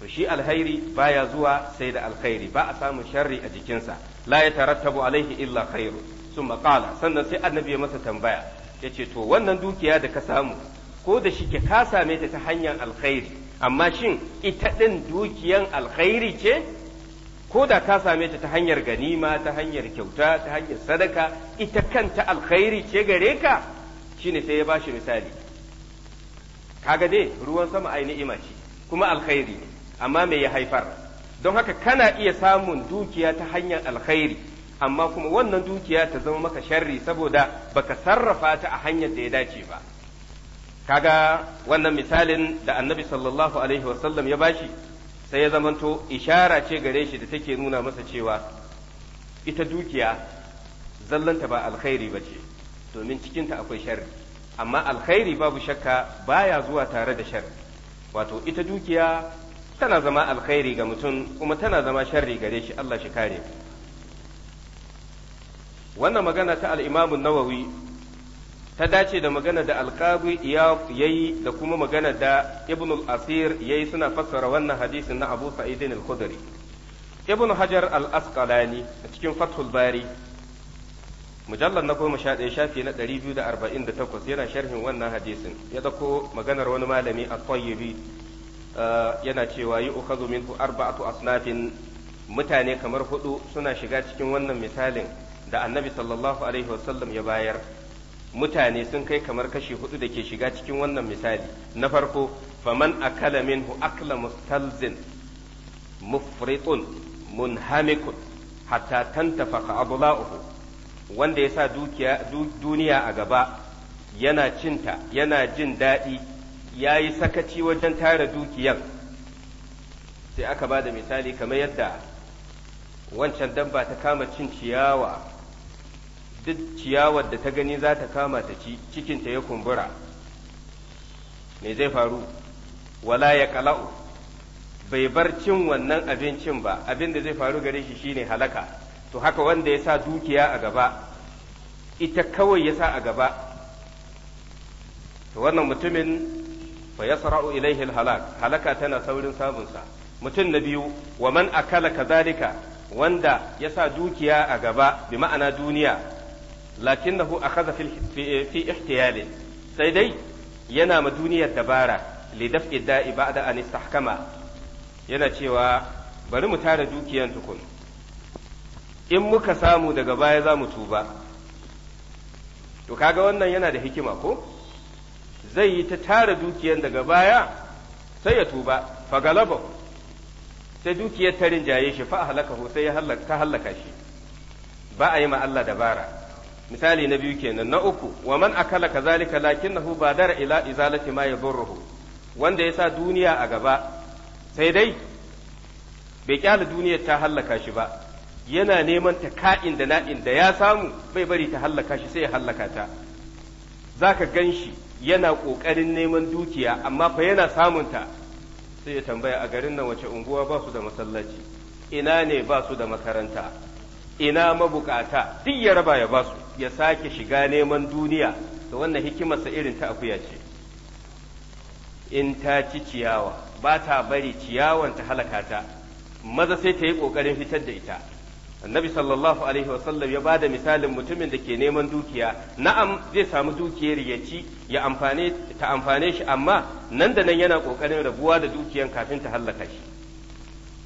to shi alkhairi baya zuwa sai da alkhairi ba a samun sharri a jikinsa la ya yatarattabu alaihi illa khairu sun makala sannan sai annabi ya masa tambaya yace to wannan dukiya da ka samu ko da ke ka same ta ta hanyar alkhairi amma shin ita ɗin dukiyan alkhairi ce ko da ka same ta ta hanyar ganima ta hanyar kyauta ta hanyar sadaka ita kanta alkhairi ce gare ka shine sai ya ba shi misali kaga dai ruwan sama ai ni'ima ce kuma alkhairi ne amma me ya haifar don haka kana iya samun dukiya ta hanyar alkhairi amma kuma wannan dukiya ta zama maka sharri saboda baka sarrafa ta a hanyar da ya dace ba kaga wannan misalin da annabi sallallahu alaihi wasallam ya bashi sai ya zamanto ishara ce gare shi da take nuna masa cewa ita dukiya zallanta ba alkhairi ba ce domin cikinta akwai sharri amma alkhairi babu shakka baya zuwa tare da sharri wato ita dukiya tana zama alkhairi ga mutum kuma tana zama sharri gare shi Allah shi kare wannan magana ta al-Imam nawawi ta dace da magana da alqabi yayi da kuma magana da Ibn al-Asir yayi suna fassara wannan hadisin na Abu Sa'id al-Khudri Ibn Hajar al-Asqalani a cikin Fathul Bari mujallar na goma sha ɗaya shafi na ɗari biyu da arba'in da takwas yana sharhin wannan hadisin ya dako maganar wani malami a tayyibi Eh, yana cewa yi ukazu minhu arba'atu asnafin mutane kamar hudu suna shiga cikin wannan misalin da annabi sallallahu alaihi wasallam ya bayar mutane sun kai kamar kashi hudu da ke shiga cikin wannan misali na farko faman akala minhu akla mustalzin mufritun munhamikun hatta tantafaka adla'uhu wanda ya sa duniya a gaba yana cinta yana jin daɗi ya yi sakaci wajen tara dukiyan sai aka ba da misali kamar yadda wancan dabba ta kama cin ciyawa duk ciyawar da ta gani za ta kama ta ci cikinta ya kumbura me zai faru wala ya kala'u bai bar cin wannan abincin ba abin da zai faru gare shi shine halaka to haka wanda ya sa dukiya a gaba ita kawai ya sa a gaba to wannan mutumin fa yasra'u ilayhi al halaka tana saurin samun sa mutum na biyu wa man a kala kazarika wanda ya sa dukiya a gaba bi ma'ana duniya lakinnahu nahu a fi ihtiyali sai dai yana ma duniyar dabara li daf'i da'i ba'da an istahkama yana cewa bari mu tara dukiyan tukun in muka samu daga baya za mu tuba to kaga wannan yana da hikima ko zai yi ta tara dukiyar daga baya sai ya tuba fagalaba sai dukiyar ta rinjaye shi fa halakahu sai ya ta halaka shi ba a yi ma Allah dabara misali na biyu kenan na uku wa man akala kazalika lakinnahu badara ila izalati ma yadurruhu wanda ya sa duniya a gaba sai dai bai kyala duniyar ta halaka shi ba yana neman ta ka'in da na'in da ya samu bai bari ta hallaka shi sai ya hallaka ta zaka ka gan shi yana ƙoƙarin neman dukiya amma fa yana samunta sai ya tambaya a garin nan wace unguwa ba su da masallaci ina ne ba su da makaranta ina mabukata duk ya raba ya ba su ya sake shiga neman duniya da wannan hikimarsa irin ta akuya ce in ta ci ciyawa ba ta bari ciyawan ta halaka ta maza sai ta yi ƙoƙarin fitar da ita annabi sallallahu alaihi sallam ya bada misalin mutumin da ke neman dukiya na'am zai samu dukiyar ya ci ya amfane ta amfane shi amma nan da nan yana kokarin rabuwa da dukiyan kafin ta hallaka shi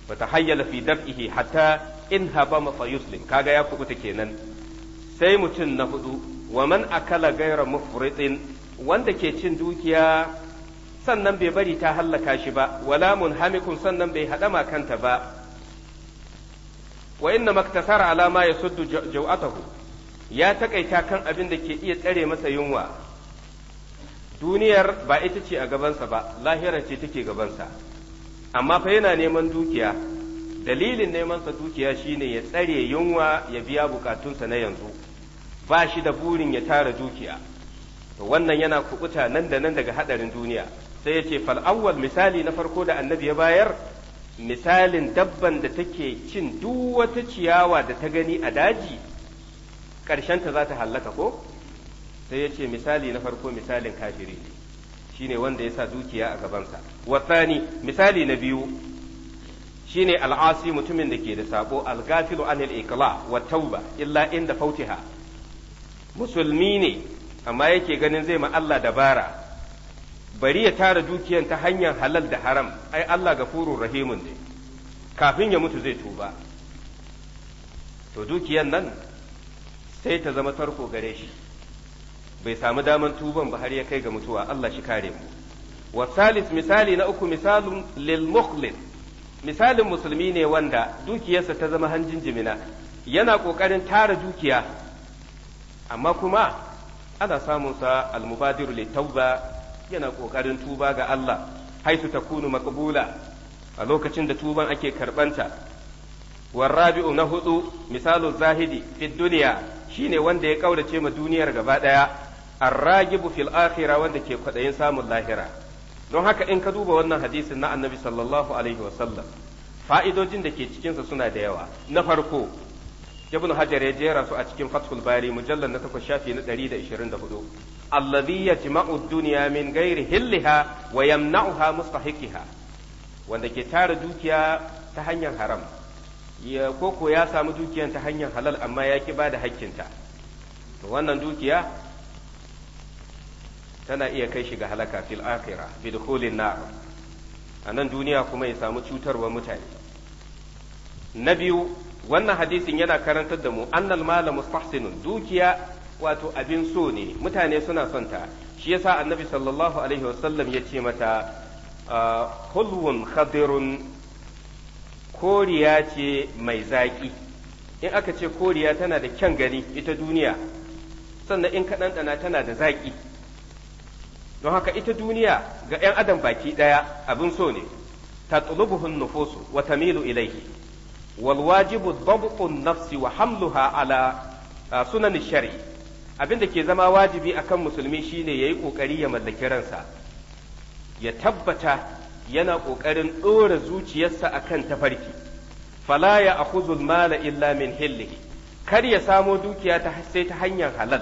wa tahayyala fi daf'ihi hatta in habama fa yuslim kaga ya kubuta kenan sai mutum na hudu wa man akala gaira mufritin wanda ke cin dukiya sannan bai bari ta hallaka shi ba wala munhamikun sannan bai hadama kanta ba wa inna maktasara ala ma yasuddu jaw'atahu ya takaita kan abin da ke iya tsare masa yunwa duniyar ba ita ce a gabansa ba lahira ce take gabansa amma fa yana neman dukiya dalilin neman sa dukiya shine ya tsare yunwa ya biya bukatunsa na yanzu ba shi da burin ya tara dukiya to wannan yana kubuta nan da nan daga hadarin duniya sai ya ce fal awwal misali na farko da annabi ya bayar misalin dabban da take cin duk wata ciyawa da ta gani a daji ƙarshenta za ta hallaka ko sai ya ce misali na farko misalin kafiri ne ne wanda ya sa dukiya a gabansa wasani misali na biyu shi ne al'asi mutumin da ke da sabo al-ghafilu anil ikla wa tauba illa inda fautiha musulmi ne amma yake ganin zai ma Allah dabara bari ya tara dukiyan ta hanyar halal da haram ai Allah gafurur rahimun ne kafin ya mutu zai tuba to dukiyan nan sai ta zama tarko gare shi bai samu daman tuban ba har ya kai ga mutuwa Allah shi kare mu wa salis misali na uku misalun lil mukhlis misalin musulmi ne wanda dukiyarsa ta zama hanjin jimina yana kokarin tara dukiya amma kuma ana samunsa al-mubadiru litawba yana kokarin tuba ga Allah haisu ta kunu maqbula a lokacin da tuban ake karbanta warrabi'u na hudu misalu zahidi fi duniya shine wanda ya kaurace ma duniyar gaba daya arragibu fil akhirah wanda ke kwadayin samun lahira don haka in ka duba wannan hadisin na annabi sallallahu alaihi sallam fa'idojin da ke cikinsa suna da yawa na farko ibn hajar ya jera su a cikin fathul bari mujallar na takwas shafi na 124 alladhi yajma'u ad-dunya min ghairi hilliha wa wanda ke tara dukiya ta hanyar haram ya koko ya samu dukiyar ta hanyar halal amma ya ki bada hakkinta to wannan dukiya tana iya kai shi ga halaka fil akhirah bi dukhulin a nan duniya kuma ya samu cutarwa mutane na biyu wannan hadisin yana karantar da mu annal mala mustahsinun dukiya wato abin so ne mutane suna son ta shi yasa annabi sallallahu alaihi wasallam ya ce mata ah, hulwun khadirun koriya ce mai zaƙi in aka ce koriya tana da kyan gani ita duniya sannan in kaɗanɗana tana da zaƙi don haka ita duniya ga 'yan adam baki ɗaya abin so ne تطلبه النفوس وتميل إليه wa ضبط النفس ala ah, sunan ni shari'i abin da ke zama wajibi akan musulmi shine yi ƙoƙari ya mallaki ransa ya tabbata yana ƙoƙarin ɗora zuciyarsa akan tafarki fala ya akhudhu mala illa min hillihi kar ya samo dukiya ta sai ta hanyar halal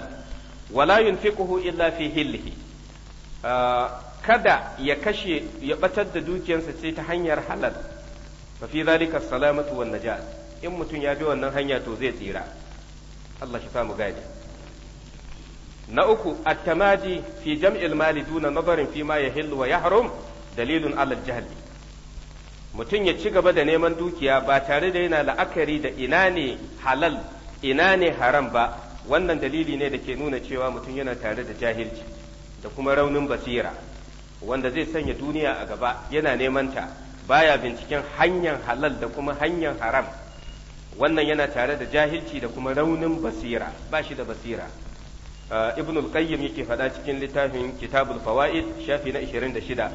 wala yunfiquhu illa fi hillihi ah, kada ya kashe ya ɓatar da dukiyarsa sai ta hanyar halal fa fi zalika salamatu wan najat in mutum ya bi wannan hanya to zai tsira Allah shi samu gadi na uku attamaji fi jam'il mali duna nazarin fi ma yahillu wa yahrum dalilun ala jahli mutum ya ci gaba da neman dukiya ba tare da yana la'akari da ina ne halal ina ne haram ba wannan dalili ne da ke nuna cewa mutum yana tare da jahilci da kuma raunin basira wanda zai sanya duniya a gaba yana neman ta baya binciken hanyar halal da kuma hanyar haram wannan yana tare da jahilci da kuma raunin basira ba shi da basira ibn al-qayyim yake faɗa cikin littafin kitabul fawaid shafi na 26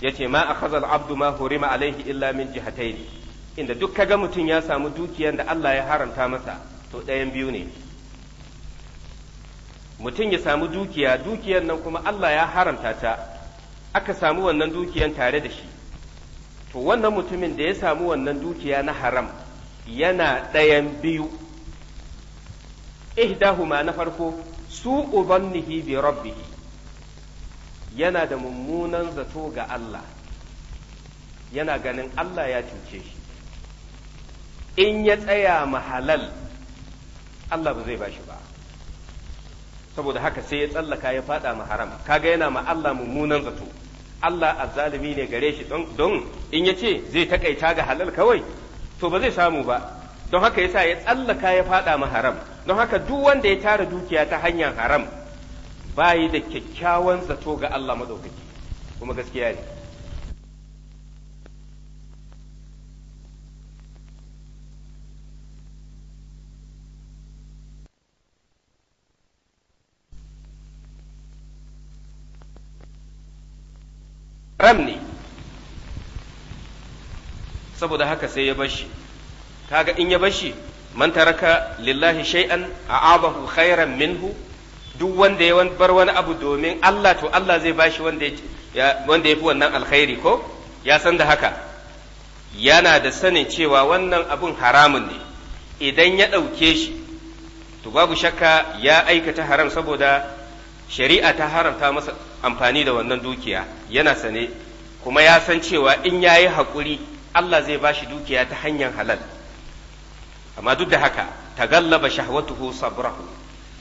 yace ma akhadha al-abdu ma hurima alaihi illa min jihatayn inda duk kaga mutum ya samu dukiyan da Allah ya haramta masa to ɗayan biyu ne mutum ya samu dukiya dukiyan nan kuma Allah ya haramta ta aka samu wannan dukiyan tare da shi to wannan mutumin da ya samu wannan dukiya na haram yana ɗayan biyu ma na farko Su zannihi bi rabbihi yana da mummunan zato ga Allah yana ganin Allah ya cuce shi in ya tsaya mahalal Allah ba zai ba shi ba saboda haka sai ya tsallaka ya fada ma haram kaga yana ma Allah mummunan zato Allah azzalimi ne gare shi don in ya ce zai takaita ga halal kawai to ba zai samu ba don haka yasa ya tsallaka ya fada ma haram don haka duk wanda ya tara dukiya ta hanyar haram bayi da kyakkyawan zato ga Allah madaukaki kuma gaskiya ne haram ne saboda haka sai ya bashi kaga in ya bashi man taraka lillahi shay'an a'abahu minhu duk wanda ya bar wani abu domin Allah to Allah zai bashi wanda ya wanda yafi wannan alkhairi ko ya san da haka yana da sanin cewa wannan abun haramun ne idan ya ɗauke shi to babu shakka ya aikata haram saboda shari'a ta haramta masa amfani da wannan dukiya yana sane kuma ya san cewa in ya yi haƙuri Allah zai bashi dukiya ta hanyar halal amma duk da haka ta tagallaba shahwatuhu sabrahu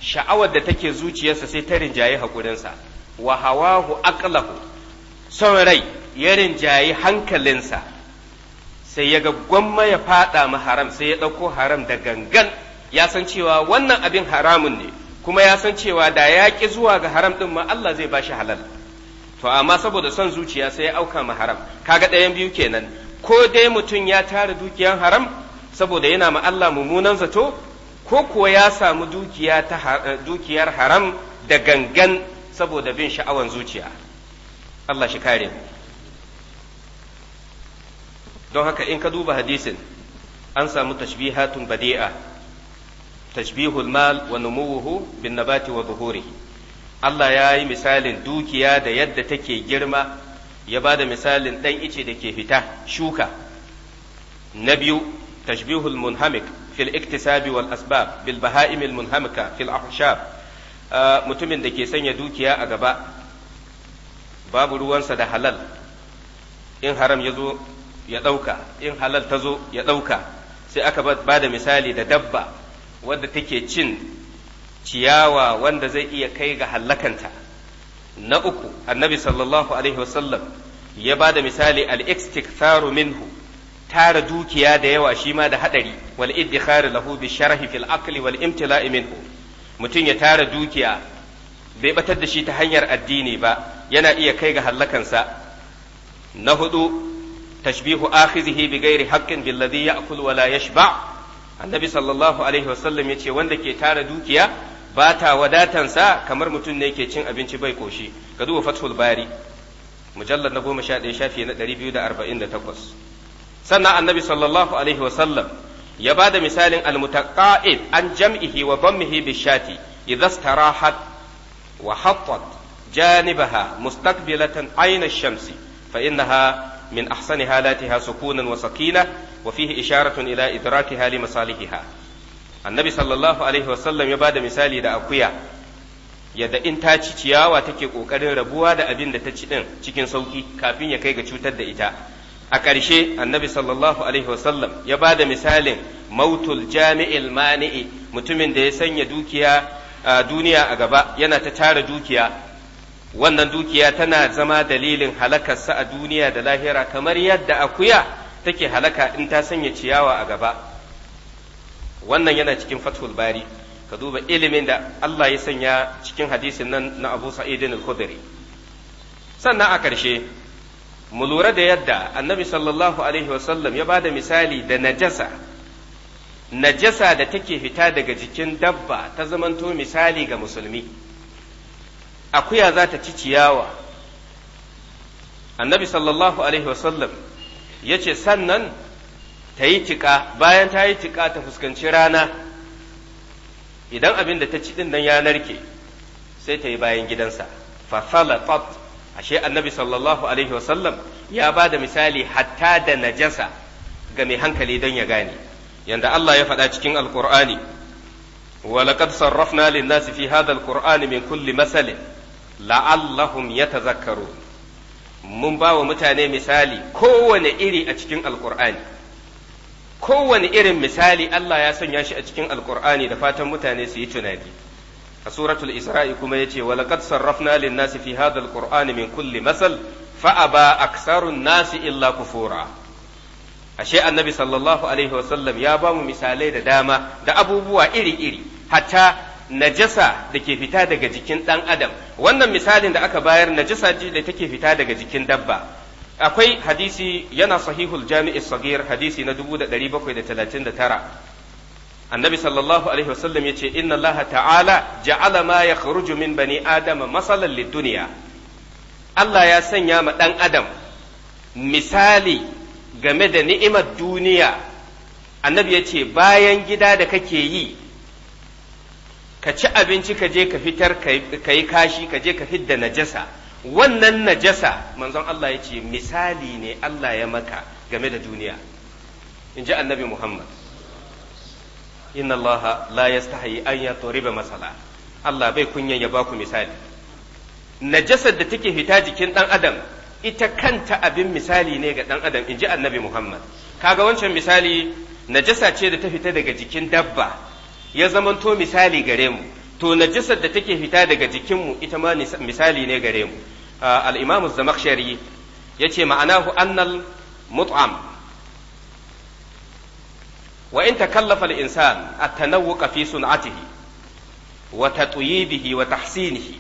sha'awar da take zuciyarsa sai ta rinjaye haƙurinsa wa hawahu aqlahu son rai ya rinjaye hankalinsa sai ya ga gwamma ya fada ma haram sai ya ɗauko haram da gangan ya san cewa wannan abin haramun ne kuma ya san cewa da ya ƙi zuwa ga haram ɗin ma Allah zai bashi halal to amma saboda son zuciya sai ya auka ma haram kaga ɗayan biyu kenan ko dai mutum ya tara dukiyan haram saboda yana ma Allah mummunan zato ko kuwa ya samu eh, dukiyar haram da gangan saboda bin sha'awan zuciya Allah shi kare don haka in ka duba hadisin an samu tashbihatun badi'a tashbihul mal wa numuwuhu bin nabati wa buhuri. Allah ya yi misalin dukiya da yadda take girma ya ba da misalin ɗan ice da ke fita shuka na biyu تشبيه المنهمك في الاكتساب والأسباب بالبهائم المنهمكة في الأحشاب mutumin da ke sanya dukiya a gaba babu ruwansa da halal in haram ya zo ya ɗauka in halal ta zo ya ɗauka sai aka ba da misali da dabba wadda take cin ciyawa wanda zai iya kai ga hallakanta na uku annabi sallallahu alaihi wasallam ya ba da misali al-istiktharu minhu tara dukiya da yawa shi ma da hadari wal iddikhar lahu bi sharhi fil aqli wal imtila'i minhu mutum ya tara dukiya bai batar da shi ta hanyar addini ba yana iya kai ga hallakansa na hudu tashbihu akhizihi bi ghairi haqqin bil ladhi ya'kul wa la yashba annabi sallallahu alaihi wasallam yace wanda ke tara dukiya ba ta wadatansa kamar mutum ne ke cin abinci bai koshi ga duba fathul bari mujallad na goma sha ɗaya shafi na ɗari biyu da arba'in da takwas sannan annabi sallallahu alaihi wasallam ya ba da misalin almutaqa'id an jam'ihi wa dhammihi bishati idza starahat wa hattat janibaha mustaqbilatan ayna shamsi fa innaha min ahsani halatiha sukunan wa sakina wa fihi isharatun ila idrakiha li masalihiha annabi sallallahu alaihi wasallam ya ba da misali da akuya yadda in ta ci ciyawa take kokarin rabuwa da abin da ta ci din cikin sauki kafin ya kai ga cutar da ita a ƙarshe annabi sallallahu alaihi wasallam ya ba da misalin mautul jami'il mani'i mutumin da ya sanya dukiya a duniya a gaba yana ta tara dukiya wannan dukiya tana zama dalilin halakarsa a duniya da lahira kamar yadda akuya take halaka in ta sanya ciyawa a gaba wannan yana cikin fathul bari ka duba ilimin da Allah ya sanya cikin hadisin nan na Abu Sa'id al-Khudri sannan a ƙarshe mu lura da yadda annabi sallallahu alaihi wasallam ya bada misali da najasa najasa da take fita daga jikin dabba ta zamanto misali ga musulmi akuya za ta ci ciyawa annabi sallallahu alaihi wasallam ya ce sannan ta yi tiƙa bayan ta yi tika ta fuskanci rana idan abin da ta ci din nan ya narke sai ta yi bayan gidansa fa ashe annabi sallallahu alaihi wasallam ya ba da misali hatta da najasa ga mai hankali don ya gane yanda Allah ya faɗa cikin alkur'ani ولقد sarrafna للناس في هذا القرآن من كل مثل لعلهم يتذكرون mun ba wa mutane misali kowane iri a cikin alkur'ani kowane irin misali Allah ya sanya shi a cikin alkur'ani da fatan mutane su yi tunani a suratul isra'i kuma ya ce laqad sarrafna lin nasi fi hadha alqur'ani min kulli masal fa aba aksarun nasi illa kufura ashe annabi sallallahu alaihi wasallam ya bamu misalai da dama da abubuwa iri-iri hatta najasa da ke fita daga jikin ɗan adam wannan misalin da aka bayar najasa ce da take fita daga jikin dabba akwai hadisi yana sahihul jami'in sagir hadisi na da da tara. annabi sallallahu alaihi wasallam yace inna allaha ta'ala ja'ala ma yakhruju min bani adama masalan lidunya Allah ya sanya ma dan adam misali game da ni'imar duniya annabi yace bayan gida da kake yi ka ci abinci ka je ka fitar ka yi kashi ka je ka fidda najasa wannan najasa manzon Allah yace misali ne Allah ya maka game da duniya in ji annabi Muhammad inna Allah la yastahi an masala Allah bai kunya ya baku misali najasar da take fita jikin dan adam ita kanta abin misali ne ga dan adam inji annabi Muhammad kaga wancan misali najasa ce da ta fita daga jikin dabba ya zamanto misali gare mu to najasar da take fita daga jikin mu ita ma misali ne gare mu ah, al-imam az-zamakhshari yace ma'anahu annal mut'am wa in takallafa al-insan at-tanawwuqa fi sun'atihi wa tatyibihi wa tahsinihi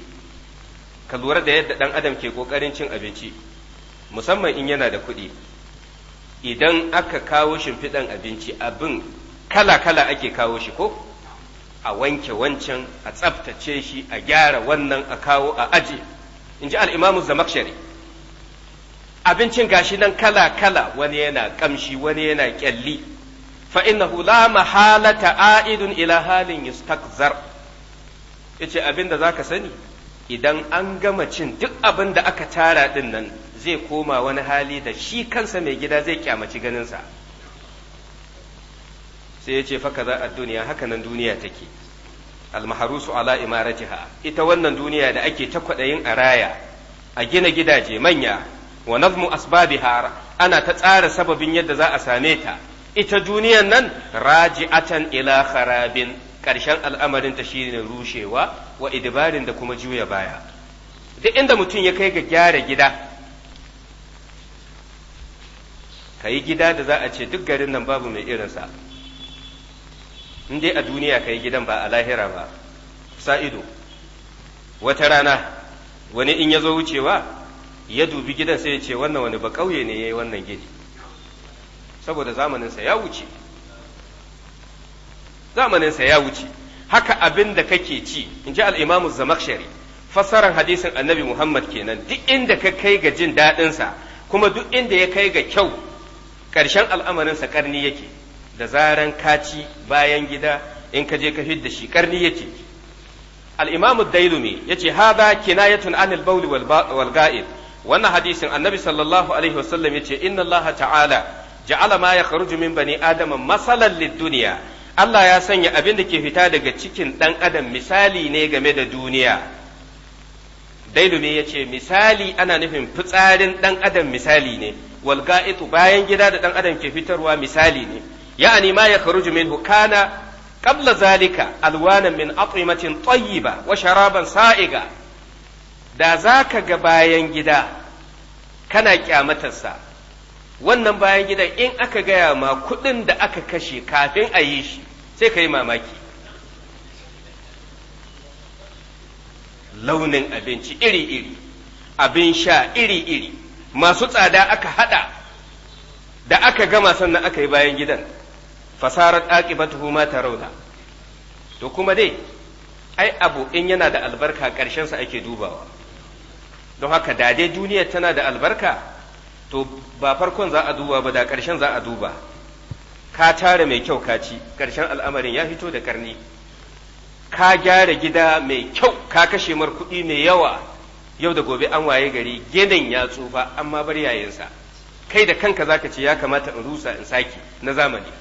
ka lura da yadda dan adam ke kokarin cin abinci musamman in yana da kuɗi idan aka kawo shimfiɗan abinci abin kala-kala ake kawo shi ko a wanke wancan a tsaftace shi a gyara wannan a kawo a aje in ji al'imamu zamakshari abincin gashi nan kala-kala wani yana kamshi wani yana kyalli fa hula la mahalata a'idun ila halin yustakzar yace abinda zaka sani idan an gama cin duk abin da aka tara din nan zai koma wani hali da shi kansa mai gida zai kyamaci ganinsa sai ya ce faka za a duniya haka nan duniya take almaharusu ala imaratiha ita wannan duniya da ake ta kwaɗayin araya a gina gidaje manya wa nazmu asbabiha ana ta tsara sababin yadda za a same ta ita duniyan nan raji'atan ila kharabin al'amarin ta shine rushewa wa idbarin da kuma juya baya duk inda mutum ya kai ga gyara gida ka gida da za a ce duk garin nan babu mai irinsa in dai a duniya ka gidan ba a lahira ba sa'ido wata rana wani in ya zo wucewa ya dubi gidan sai ya ce wannan wani ba ƙauye ne ya yi wannan gidi saboda zamaninsa ya wuce zamaninsa ya wuce haka abin da kake ci in ji al'imamu zamakshari fassaran hadisin annabi muhammad kenan duk inda ka kai ga jin daɗinsa kuma duk inda ya kai ga kyau ƙarshen al'amarinsa ƙarni yake da zaran kaci bayan gida in ka je ka da shi ƙarni yake al'imamu dailumi ya ce haza kinayatun anil bauli wal ga'id wannan hadisin annabi sallallahu alaihi wasallam ya ce inna allah ta'ala ja'ala ma ya kharuju min bani adama masalan lid Allah ya sanya abin da ke fita daga cikin dan adam misali ne game da duniya dailumi ya ce misali ana nufin fitsarin dan adam misali ne wal ga'itu bayan gida da dan adam ke fitarwa misali ne ya'ani ma ya kharuju minhu kana qabla zalika alwanan min at'imatin tayyiba wa sharaban sa'iga da zaka ga bayan gida kana kyamatarsa wannan bayan gidan in aka gaya ma kuɗin da aka kashe kafin a yi shi sai ka yi mamaki launin abinci iri-iri abin sha iri-iri masu tsada aka haɗa da aka gama sannan aka yi bayan gidan fasarar ɗaƙibatu huma ta rauna to kuma dai ai abu in yana da albarka ƙarshensa ake dubawa don haka da dai duniyar tana da albarka to ba farkon za a duba ba da ƙarshen za a duba ka tara mai kyau ka ci ƙarshen al'amarin ya fito da ƙarni ka gyara gida mai kyau ka kashe mar kuɗi mai yawa yau da gobe an waye gari ginin ya tsufa amma bar yayinsa kai da kanka zaka ce ya kamata in rusa in saki na zamani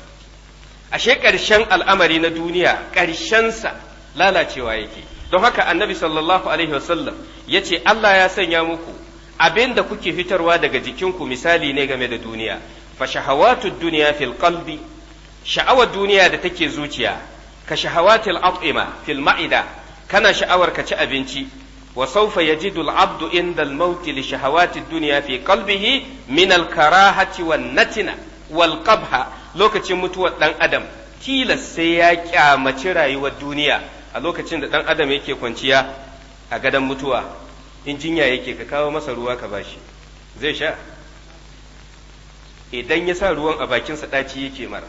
ashe ƙarshen al'amari na duniya ƙarshen sa lalacewa yake don haka annabi sallallahu alaihi wasallam ya ce Allah ya sanya muku abin da kuke fitarwa daga jikinku misali ne game da duniya fa shahawatud duniya fil qalbi sha'awar duniya da take zuciya ka shahawatil at'ima fil ma'ida kana sha'awar ka ci abinci wa sawfa yajidu al abdu inda al maut li dunya fi qalbihi min al karahati wan natina wal qabha lokacin mutuwar dan adam tilas sai ya kyamaci rayuwar duniya a lokacin da dan adam yake kwanciya a gadon mutuwa in jinya yake ka kawo masa ruwa ka bashi zai sha idan ya sa ruwan a bakinsa ɗaci yake mara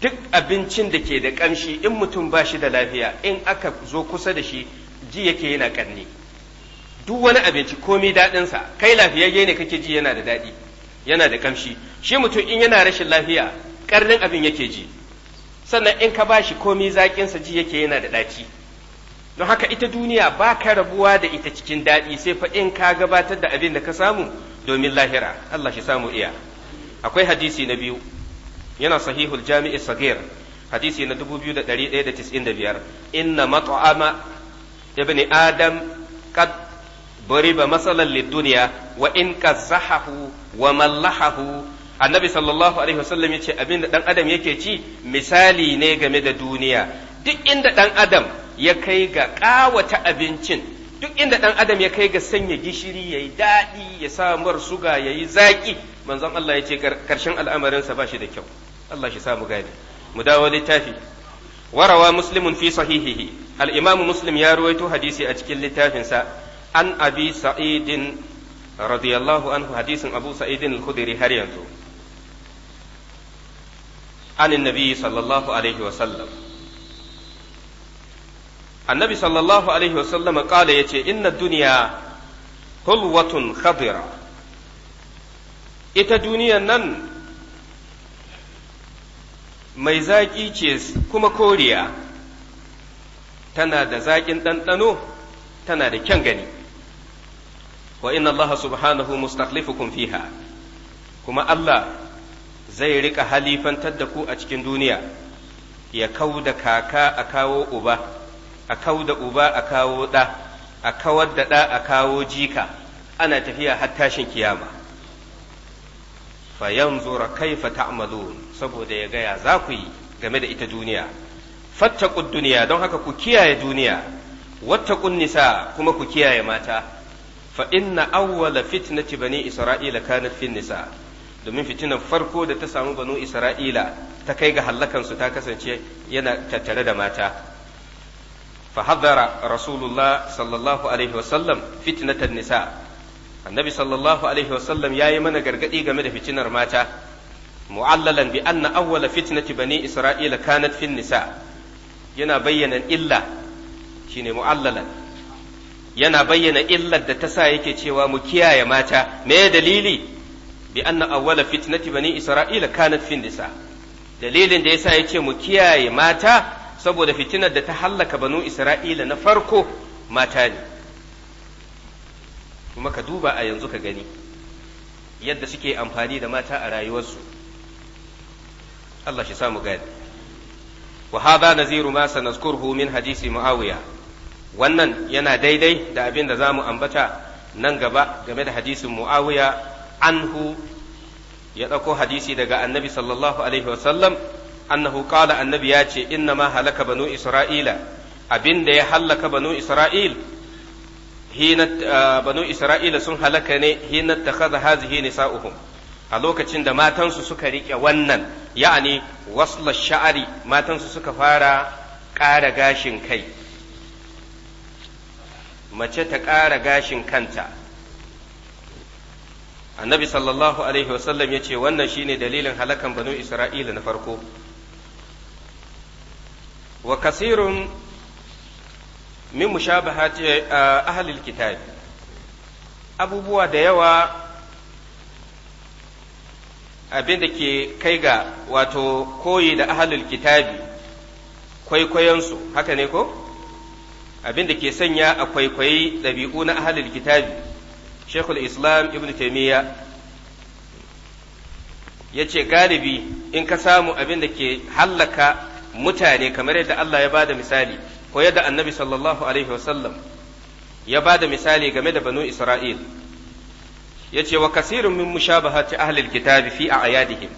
duk abincin da ke da kamshi in mutum ba shi da lafiya in aka zo kusa da shi ji yake yana ƙanni duk wani abinci komi daɗinsa kai lafiyayye ne kake ji yana da daɗi yana da ƙamshi shi mutum in yana rashin lafiya ƙarnin abin yake ji sannan in ka ba shi komi zaƙinsa ji yake yana da ɗaci don haka ita duniya ba ka rabuwa da ita cikin daɗi sai fa in ka gabatar da abin da ka samu domin lahira Allah shi samu iya akwai hadisi na biyu yana sahihul jami'i sagir hadisi na 2195 inna mat'ama ibn adam qad buriba masalan lid-dunya wa in qazzahahu wa mallahahu annabi sallallahu alaihi wasallam yace abin da dan adam yake ci misali ne game da duniya duk inda ɗan adam ya kai ga ƙawata abincin duk inda ɗan adam ya kai ga sanya gishiri ya yi daɗi ya samuwar suga ya yi zaƙi manzon Allah ya ce ƙarshen al'amarinsa ba shi da kyau Allah shi samu gani mu dawo littafi warawa muslimun fi sahihihi al-imam muslim ya ruwaito hadisi a cikin littafinsa an abi sa'idin radiyallahu anhu hadisin abu sa'idin al-khudri har yanzu عن النبي sallallahu alaihi wa sallam. annabi sallallahu alaihi wasallam kala yace inna duniya hulwatun khadira ita duniyan nan mai zaƙi ce kuma koriya tana da zaƙin ɗanɗano tana da kyan gani wa inna Allah subhanahu mustakhlifukum fiha kuma Allah zai riƙa halifantar da ku a cikin duniya ya kau da kaka a kawo uba a kau da uba a kawo ɗa a kawar da ɗa a kawo jika ana tafiya har tashin kiyama fa yanzura kaifa ta'malun saboda ya gaya za ku yi game da ita duniya fattaqud duniya don haka ku kiyaye duniya wattaqun nisa kuma ku kiyaye mata fa inna awwala fitnati bani isra'ila kanat fin nisa domin fitinar farko da ta samu banu isra'ila ta kai ga su ta kasance yana tattare da mata فحذر رسول الله صلى الله عليه وسلم فتنة النساء النبي صلى الله عليه وسلم يا يمن غرغدي game da fitinar mata mu'allalan bi anna awwala fitnati bani isra'ila kanat fi nisa yana bayyana illa shine mu'allalan yana bayyana illar da ta sa yake cewa mu kiyaye mata me dalili bi anna awwala fitnati bani isra'ila kanat fi nisa dalilin da yasa yace mu kiyaye mata saboda fitinar da ta hallaka banu isra'ila na farko mata ne kuma ka duba a yanzu ka gani yadda suke amfani da mata a rayuwarsu Allah shi samu gani wa hadha naziru ma sanazkurhu min hadisi muawiya wannan yana daidai da abin da zamu ambata nan gaba game da hadisin muawiya anhu ya ɗauko hadisi daga annabi sallallahu alaihi wasallam annahu annabi ya ce inna ma halaka banu isra'ila abinda ya halaka banu isra'il ah, banu isra'ila sun halaka ne hina takhadha hadhihi nisa'uhum a lokacin da matansu suka rike wannan ya'ani wasla sha'ari matansu suka fara ƙara gashin kai mace ta ƙara gashin kanta annabi sallallahu alaihi wasallam ya ce wannan shine dalilin halakan banu isra'ila na farko wa kasirun min mushabahati eh, ahlil kitab abubuwa da yawa abin da ke kai ga wato koyi da ahlul kitabi kwaikwayonsu haka ne ko abin da ke sanya a kwaikwayi ɗabi'u na ahlul kitabi shekul islam ibn taimiyya ya ce galibi in ka samu abin da ke hallaka mutane kamar yadda Allah ya bada misali ko yadda annabi sallallahu alaihi wasallam ya bada misali game da banu Isra'il yace wa kasirin min mushabahati ahlil kitabi fi a'yadihim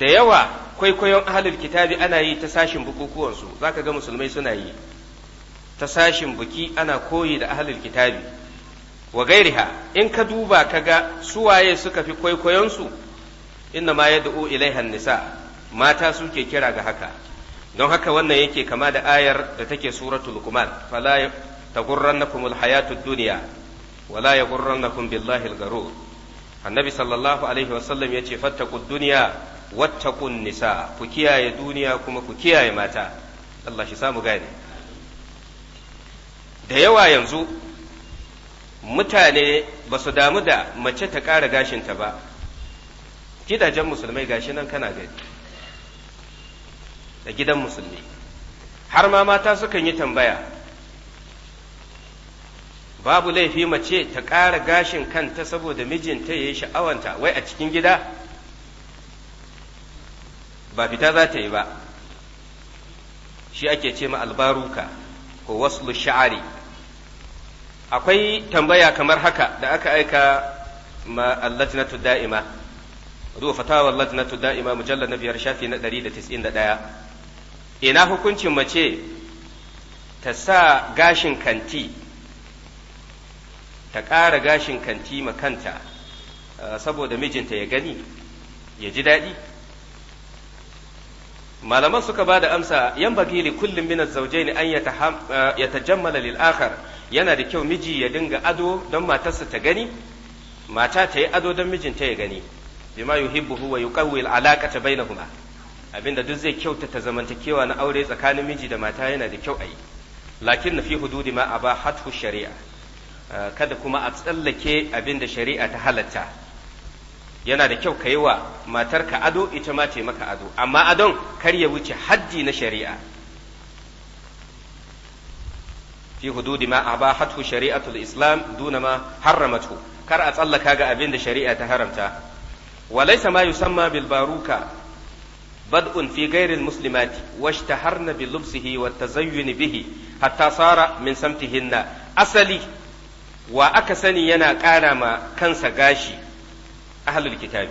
da yawa kwaikwayon ahlul kitabi ana yi ta sashin bukukuwansu zaka ga musulmai suna yi ta sashin buki ana koyi da ahlul kitabi wa gairiha in ka duba ka ga suwaye suka fi kwaikwayonsu inna ma yad'u ilaihan nisa mata suke kira ga haka don haka wannan yake kama da ayar da take suratul luqman fala taghurrannakum alhayatud dunya wala yaghurrannakum billahi algharur annabi sallallahu alaihi wasallam yace fattaqud dunya wattakun nisa ku kiyaye duniya kuma ku kiyaye mata Allah shi samu gane da yawa yanzu mutane ba su damu da mace ta ƙara gashinta ba gidajen musulmai gashi nan kana gani da gidan musulmi har ma mata sukan yi tambaya babu laifi mace ta ƙara gashin kanta saboda mijinta ya yi sha'awanta wai a cikin gida ba fita za ta yi ba shi ake ce ma albaruka ko waslu sha'ari akwai tambaya kamar haka da aka aika ma allajnatu da'ima ruwa fatawa allajnatu da'ima mujallar na biyar shafi na 191 ina hukuncin mace ta sa gashin kanti ta ƙara gashin kanti makanta ah, saboda mijinta ya gani ya ji daɗi malaman suka ba da amsa yan bagili kullum minas zaujai ne an ya ah, tajammala jammala yana da kyau miji ya dinga ado don matarsa ta gani mata ta yi ado don mijinta ya gani bima yuhibbuhu wa yuqawwil alaqata bainahuma abinda duk zai kyautata zamantakewa na aure tsakanin miji da mata yana da kyau a yi lakin na fi hududi ma a ba hatu shari'a kada kuma a tsallake abinda shari'a ta halatta yana da kyau ka yi wa matarka ado ita ma ce maka ado amma adon kar ya wuce haddi na shari'a fi hududi ma a ba hatu shari'atul islam duna ma haramatu kar a tsallaka ga abinda shari'a ta haramta walaisa ma yusamma bil baruka بدء في غير المسلمات واشتهرن بلبسه والتزين به حتى صار من سمتهن أصلي وأكسني ينا كان ما كنس غاشي أهل الكتاب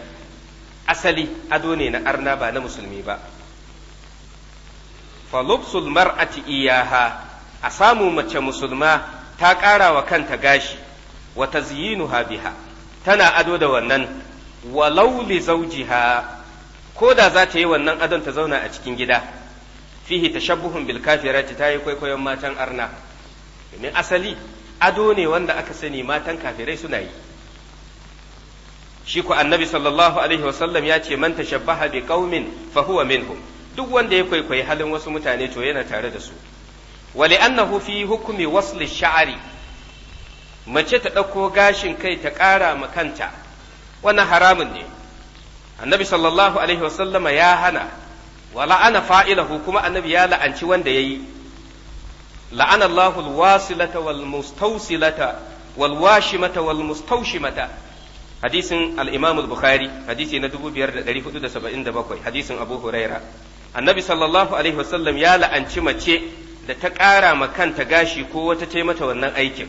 أصلي أدوني نأرنا با نمسلمي با فلبس المرأة إياها أسامو متش مسلمة تاكارا وكانت غاشي وتزيينها بها تنا أدو دونن ولو لزوجها ko da za ta yi wannan adon ta zauna a cikin gida fihi tashabbuhun bil kafirati ta yi kwaikwayon matan arna domin asali ado ne wanda aka sani matan kafirai suna yi shi ku annabi sallallahu alaihi wasallam ya ce man tashabbaha bi qaumin fa huwa minhum duk wanda ya kwaikwayi halin wasu mutane to yana tare da su wali annahu fi hukumi wasli sha'ari mace ta ɗauko gashin kai ta kara ma kanta wannan haramun ne annabi sallallahu alaihi wasallama ya hana wa la'ana fa'ilahu kuma annabi ya la'anci wanda yayi la'ana Allahul wasilata wal mustawsilata wal washimata wal mustawshimata hadisin al-Imam al-Bukhari hadisi na 5477 hadisin Abu Huraira annabi sallallahu alaihi wasallam ya la'anci mace da ta ƙara ma kanta gashi ko wata ta mata wannan aikin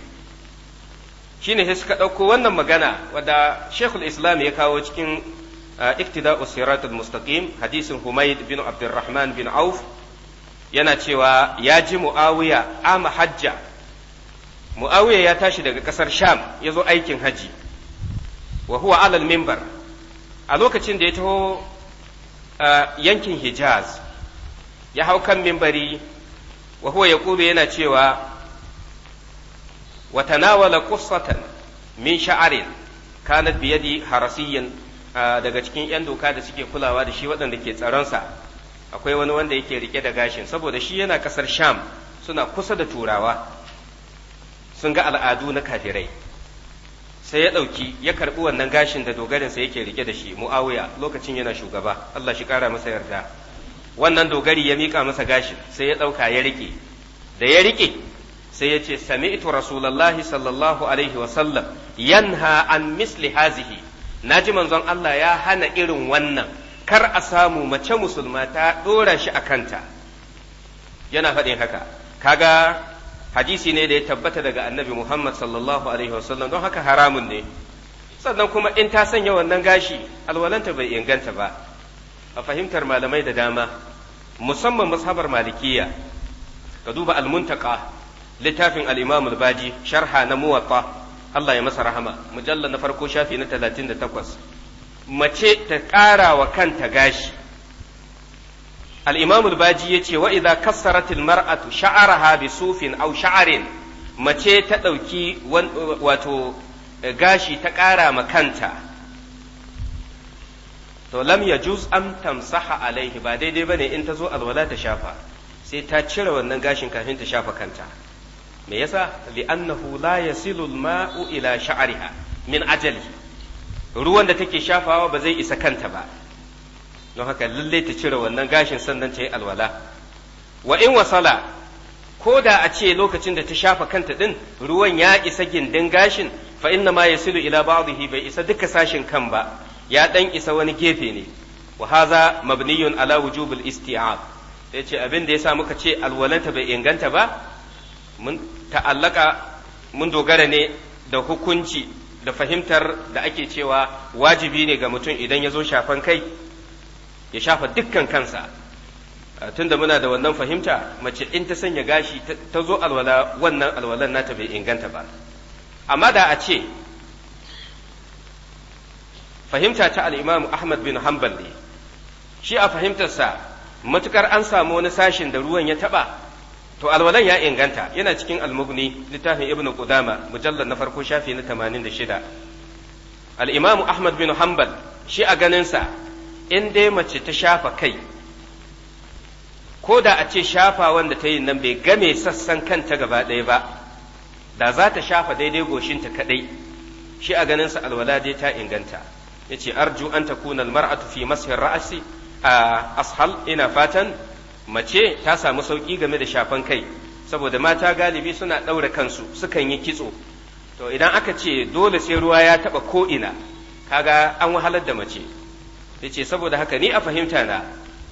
shine sai suka ɗauko wannan magana wadda Sheikhul Islam ya kawo cikin iktida'u siratul mustaqim hadisin humaid bin abdurrahman bin auf yana cewa ya ji mu'awiya ama hajja mu'awiya ya tashi daga kasar sham ya zo aikin hajji wa huwa alal mimbar a lokacin da ya taho yankin hijaz ya hau kan mimbari wa huwa ya yana cewa wa tanawala qussatan min sha'arin kanat biyadi harasiyyan daga cikin 'yan doka da suke kulawa da shi waɗanda ke tsaronsa akwai wani wanda yake rike da gashin saboda shi yana ƙasar sham suna kusa da turawa sun ga al'adu na kafirai sai ya ɗauki ya karɓi wannan gashin da dogarinsa yake rike da shi mu'awiya lokacin yana shugaba Allah shi ƙara masa yarda wannan dogari ya miƙa masa gashin sai ya ɗauka ya rike da ya rike sai ya ce sami sami'tu rasulallahi sallallahu alaihi wasallam yanha an misli hazihi na ji manzon Allah ya hana irin wannan kar a samu mace musulma ta dora shi a kanta yana faɗin haka kaga hadisi ne da ya tabbata daga annabi Muhammad sallallahu alaihi wasallam don haka haramun ne sannan kuma in ta sanya wannan gashi alwalanta bai inganta ba a fahimtar malamai da dama musamman mashabar malikiya ka duba almuntaka littafin al-imam al baji sharha na muwatta Allah ya masa rahama mujalla na farko shafi na 38 mace ta ƙara wa kanta gashi al-imam al-baji yace wa idza kassarat al-mar'atu sha'araha bi sufin aw sha'arin mace ta dauki wato gashi ta ƙara ma kanta to lam yajuz an tamsaha alaihi ba daidai bane in ta zo alwala ta shafa sai ta cire wannan gashin kafin ta shafa kanta me yasa li'annahu la yasilu al-ma'u ila sha'riha min ajali ruwan da take shafawa ba zai isa kanta ba don haka lalle ta cire wannan gashin sannan ta yi alwala wa in wasala ko da a ce lokacin da ta shafa kanta din ruwan ya isa gindin gashin fa inna ma yasilu ila ba'dihi bai isa duka sashin kan ba ya dan isa wani gefe ne wa haza mabniyun ala wujubil isti'ab ce abin da yasa muka ce alwalanta bai inganta ba ta'allaka mun dogara ne da hukunci da fahimtar da ake cewa wajibi ne ga mutum idan ya zo shafan kai ya shafa dukkan kansa tunda muna da wannan fahimta mace in ta sanya gashi ta zo alwala wannan alwalan nata bai inganta ba amma da a ce fahimta ta al'imamu ahmad bin hanbal ne shi a fahimtarsa matukar an samu wani sashin da ruwan ya taba to alwalan ya inganta yana cikin almughni littafin ibnu qudama mujallar na farko shafi na 86 al-imam ahmad bin hanbal shi a ganinsa in dai mace ta shafa kai ko da a ce shafa wanda ta yi nan bai game sassan kanta gaba ɗaya ba da za ta shafa daidai goshinta kadai shi a ganinsa alwala dai ta inganta yace ce arju an ta kunal mar'atu fi mashin ra'asi a ashal ina fatan mace ta samu sauƙi game da shafan kai saboda mata galibi suna ɗaure kansu sukan yi kitso to idan aka ce dole sai ruwa ya taɓa ko'ina kaga an wahalar da mace ta ce saboda haka ni a fahimta na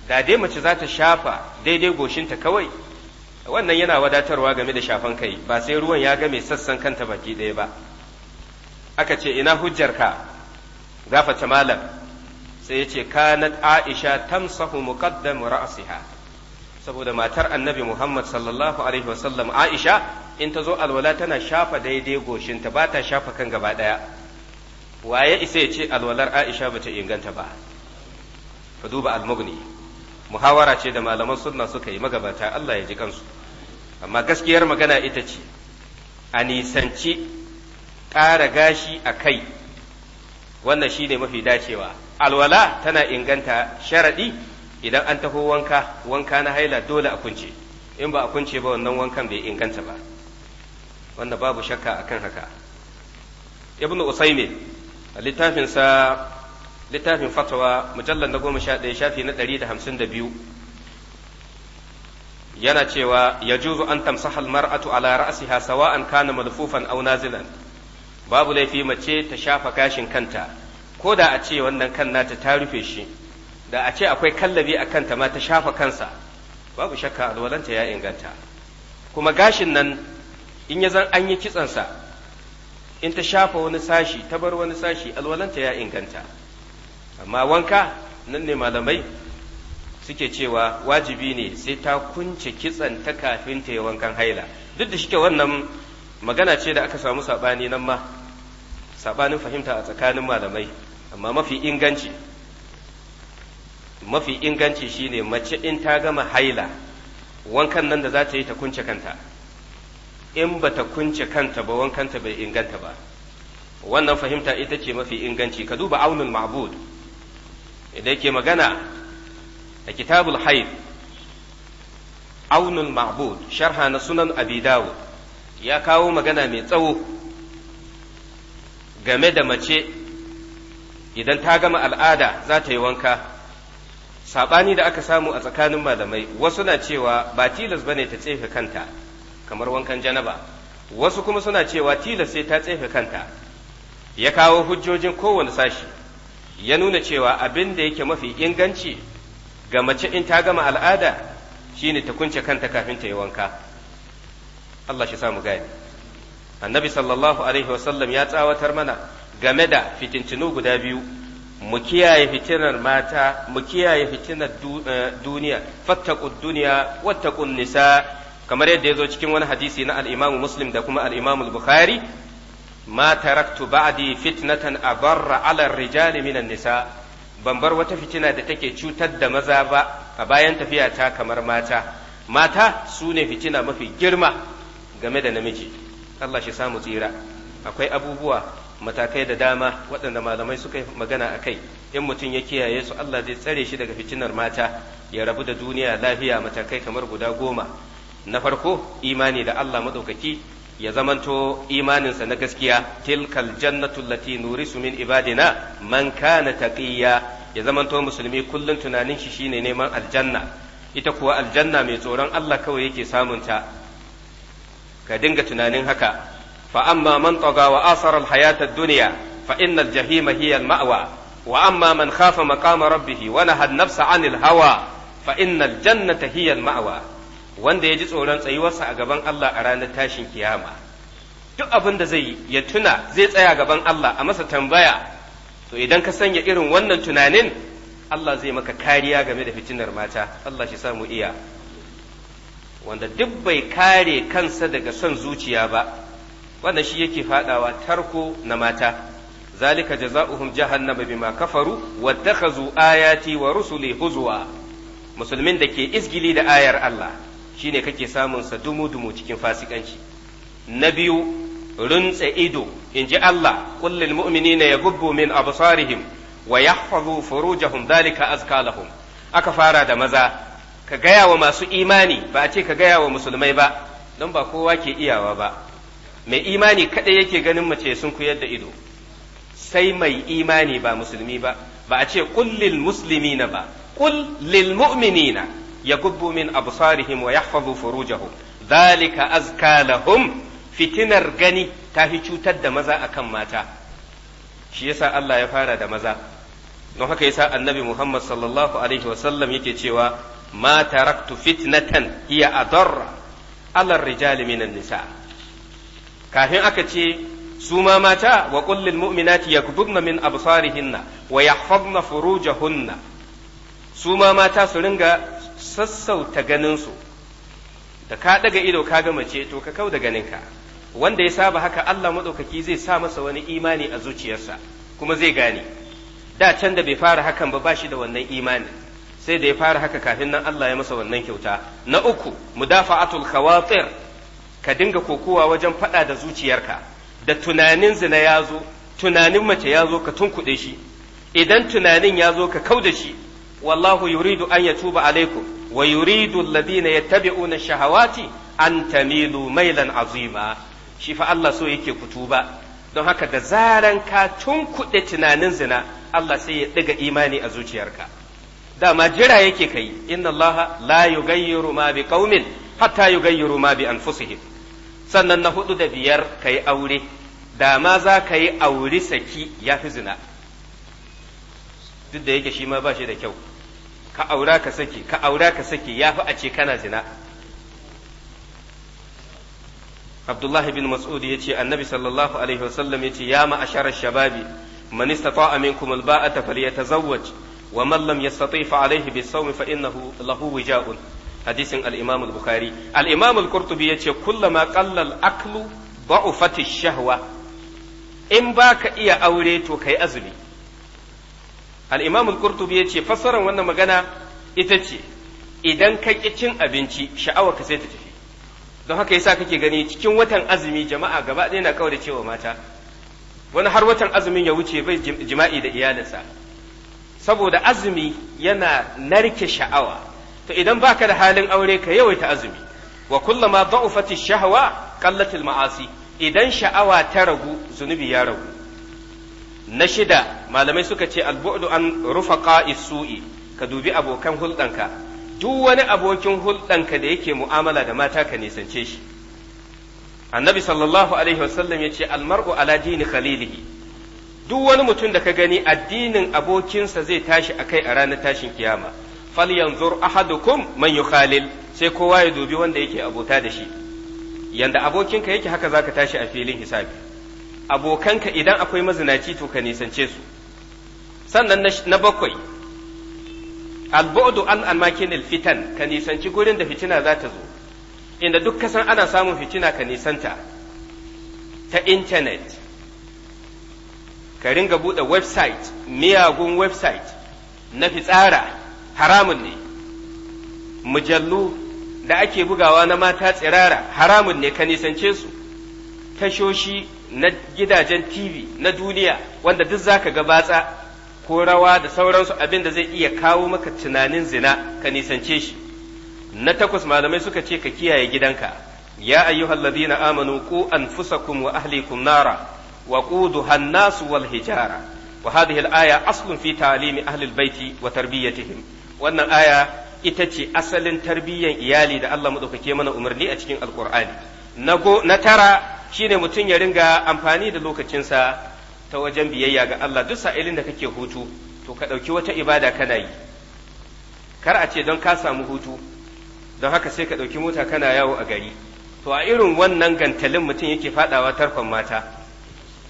da dai mace za ta shafa daidai goshinta kawai wannan yana wadatarwa game da shafan kai ba sai ruwan ya game sassan kanta baki ɗaya ba aka ce ina hujjarka gafata malam sai yace ce kanat aisha tamsahu muqaddam ra'siha saboda matar annabi Muhammad sallallahu alaihi wasallam Aisha in ta zo alwala tana shafa daidai goshinta ba ta shafa kan gaba ɗaya waye isa ya ce alwalar Aisha ba ta inganta ba ka duba almugni muhawara ce da malaman sunna suka yi magabata Allah ya ji kansu amma gaskiyar magana ita ce a nisanci ƙara gashi a kai wannan shine mafi dacewa alwala tana inganta sharaɗi idan an taho wanka wanka na haila dole a kunce in ba a kunce ba wannan wankan bai inganta ba wanda babu shakka akan haka ibnu usaymin a littafinsa littafin fatawa mujallar na goma sha ɗaya shafi na ɗari da hamsin da biyu yana cewa ya juzu an tamsahal mar'atu ala ra'siha sawa'an kana malfufan aw nazilan babu laifi mace ta shafa gashin kanta ko da a ce wannan kan nata ta rufe shi da a ce akwai kallabi a kanta ma ta shafa kansa babu shakka alwalanta ya inganta kuma gashin nan in ya zan an yi kitsansa in ta shafa wani sashi ta bar wani sashi alwalanta ya inganta amma wanka nan ne malamai suke cewa wajibi ne sai ta kunce kitsan ta kafin ta yi wankan haila duk da shike wannan magana ce da aka samu saɓani nan ma saɓanin fahimta a tsakanin malamai amma mafi inganci mafi inganci shine mace in ta gama haila wankan nan da za ta yi ta kunce kanta in ba ta kunce kanta ba wankanta bai inganta ba wannan fahimta ita ce mafi inganci ka duba aunin ma'bud idan ke magana a kitabul haif aunin ma'bud sharha na sunan abidawo ya kawo magana mai tsawo game da mace idan ta gama al'ada za ta yi wanka sabani da aka samu a tsakanin malamai wasu na cewa ba tilas bane ta tsefe kanta kamar wankan janaba wasu kuma suna cewa tilas sai ta tsefe kanta ya kawo hujjojin kowane sashi ya nuna cewa abin da yake mafi inganci ga mace in ta gama al'ada shine ta kunce kanta kafin ta yi wanka Allah shi samu gani annabi sallallahu alaihi wasallam ya tsawatar mana game da fitintinu guda biyu mu kiyaye fitinar mata mu kiyaye fitinar eh, duniya fattaku duniya wattaqun nisa kamar yadda ya zo cikin wani hadisi na al-Imam Muslim da kuma al-Imam Bukhari ma taraktu ba'di fitnatan abarra 'ala ar min an nisa ban bar wata fitina da take cutar da maza ba a bayan tafiya ta kamar mata mata su ne fitina mafi girma game da namiji Allah shi samu tsira akwai abubuwa matakai da dama waɗanda malamai suka yi magana a kai in mutum ya kiyaye su Allah zai tsare shi daga fitinar mata ya rabu da duniya lafiya matakai kamar guda goma na farko imani da Allah maɗaukaki ya zamanto imaninsa na gaskiya tilkal jannatul lati nurisu min ibadina man kana taqiya ya zamanto musulmi kullum tunanin shi shine neman aljanna ita kuwa aljanna mai tsoron Allah kawai yake samunta ka dinga tunanin haka فأما من طغى وآثر الحياة الدنيا فإن الجحيم هي المأوى وأما من خاف مقام ربه ونهى النفس عن الهوى فإن الجنة هي المأوى wanda ya ji tsoron tsayuwarsa a gaban Allah a ranar tashin kiyama duk abin da zai ya tuna zai tsaya gaban Allah a masa tambaya to idan ka sanya irin wannan tunanin Allah zai maka kariya game da fitinar mata Allah shi samu iya wanda duk bai kare kansa daga son zuciya ba wannan shi yake fadawa tarko na mata zalika jaza'uhum jahannama bima kafaru wattakhazu ayati wa rusuli huzwa musulmin da ke izgili da ayar Allah shine kake samun sa dumu dumu cikin fasikanci na biyu runtse ido inji Allah kullil mu'minina yaghubbu min absarihim wa yahfazu furujahum zalika azka lahum aka fara da maza ka gaya wa masu imani ba a ce ka gaya wa musulmai ba don ba kowa ke iyawa ba mai imani kaɗai yake ganin mace sun kuyar da ido sai mai imani ba musulmi ba ba a ce kullil na ba ƙullin lil ya gubbo min absarihim wa yahfazu furujahu zalika azka lahum fitinar gani ta fi cutar da maza akan mata shi yasa Allah ya fara da maza don haka yasa annabi Muhammad sallallahu alaihi wasallam yake cewa ma taraktu fitnatan hiya adarra ala rijali minan nisa' kafin aka ce su ma mata wa kullil mu'minati yakdubna min absarihinna wa yahfazna furujahunna su ma mata su ringa sassauta ganin su da ka daga ido ka ga mace to ka kau da ganinka wanda ya saba haka Allah madaukaki zai sa masa wani imani a zuciyarsa kuma zai gane da can da bai fara hakan ba bashi da wannan imani sai da ya fara haka kafin nan Allah ya masa wannan kyauta na uku mudafa'atul khawatir ka dinga kokowa wajen faɗa da zuciyarka da tunanin zina ya zo tunanin mace ya zo ka tunkuɗe shi idan tunanin ya zo ka kau da shi wallahu yuridu an ya tuba alaikum wa yuridu alladhina yattabi'una shahawati an tamilu mailan azima shi fa Allah so yake ku tuba don haka da zaran ka tunkuɗe tunanin zina Allah sai ya ɗiga imani a zuciyarka dama jira yake kai inna Allah la yughayyiru ma biqaumin hatta yughayyiru ma bi anfusihim sannan na huɗu da biyar ka yi aure da ma za ka yi aure saki ya fi zina duk da yake shi ma ba shi da kyau ka aura ka saki ya fi a ce kana zina abdullahi bin mas'ud ya ce annabi sallallahu alaihi wasallam ya ce ya ma'asharar shababi man istata'a minkum alba'ata falyatazawwaj wa man lam yastati fa alaihi bisawmi fa innahu lahu wija'un hadisin al-imam al-bukhari yace kullama qalla aklu ba'u fati shahwa in baka iya aure to kai azumi al'imamul imam yace fassaran wannan magana ita ce idan ka ki cin abinci sha'awa ka sai ta tafi don haka yasa kake gani cikin watan azumi jama'a gaba ɗaya na kawar cewa mata wani har watan azumin ya wuce bai jima'i da iyalinsa saboda azumi yana narke sha'awa to idan baka da halin aure ka yawaita azumi wa kullama da'ufati shahwa qallatil ma'asi idan sha'awa ta ragu zunubi ya ragu na shida malamai suka ce albu'du an rufaqa su'i ka dubi abokan hulɗanka duk wani abokin hulɗanka da yake mu'amala da mata ka nisance shi annabi sallallahu alaihi wasallam ya ce almar'u ala dini khalilihi duk wani mutum da ka gani addinin abokinsa zai tashi akai a ranar tashin kiyama falyanzur ahadukum man yukhalil sai kowa ya dubi wanda yake abota da shi yanda abokinka yake haka zaka tashi a filin hisabi abokanka idan akwai mazinaci to ka nisance su sannan na bakwai albu'du an almakinil fitan ka nisanci gurin da fitina za ta zo inda duk kasan ana samun fitina ka nisanta ta intanet ka ringa buɗe website miyagun website na fitsara haramun ne mujallu da ake bugawa na mata tsirara haramun ne ka nisance su tashoshi na gidajen tv na duniya wanda duk zaka ga batsa ko rawa da sauransu abin da zai iya kawo maka tunanin zina ka nisance shi na takwas malamai suka ce ka kiyaye gidanka ya ayyuhal ladina amanu ku anfusakum wa ahlikum nara wa quduha nasu wal hijara wa hadhihi al-aya aslun fi ta'limi ahli baiti wa tarbiyatihim wannan aya ita ce asalin tarbiyyar iyali da Allah madaukake mana umarni a cikin alkur'ani na tara shine mutum ya ringa amfani da lokacinsa ta wajen biyayya ga Allah duk sa'ilin da kake hutu to ka ɗauki wata ibada kana yi kar a ce don ka samu hutu don haka sai ka ɗauki mota kana yawo a gari to a irin wannan gantalin mutum yake faɗawa tarkon mata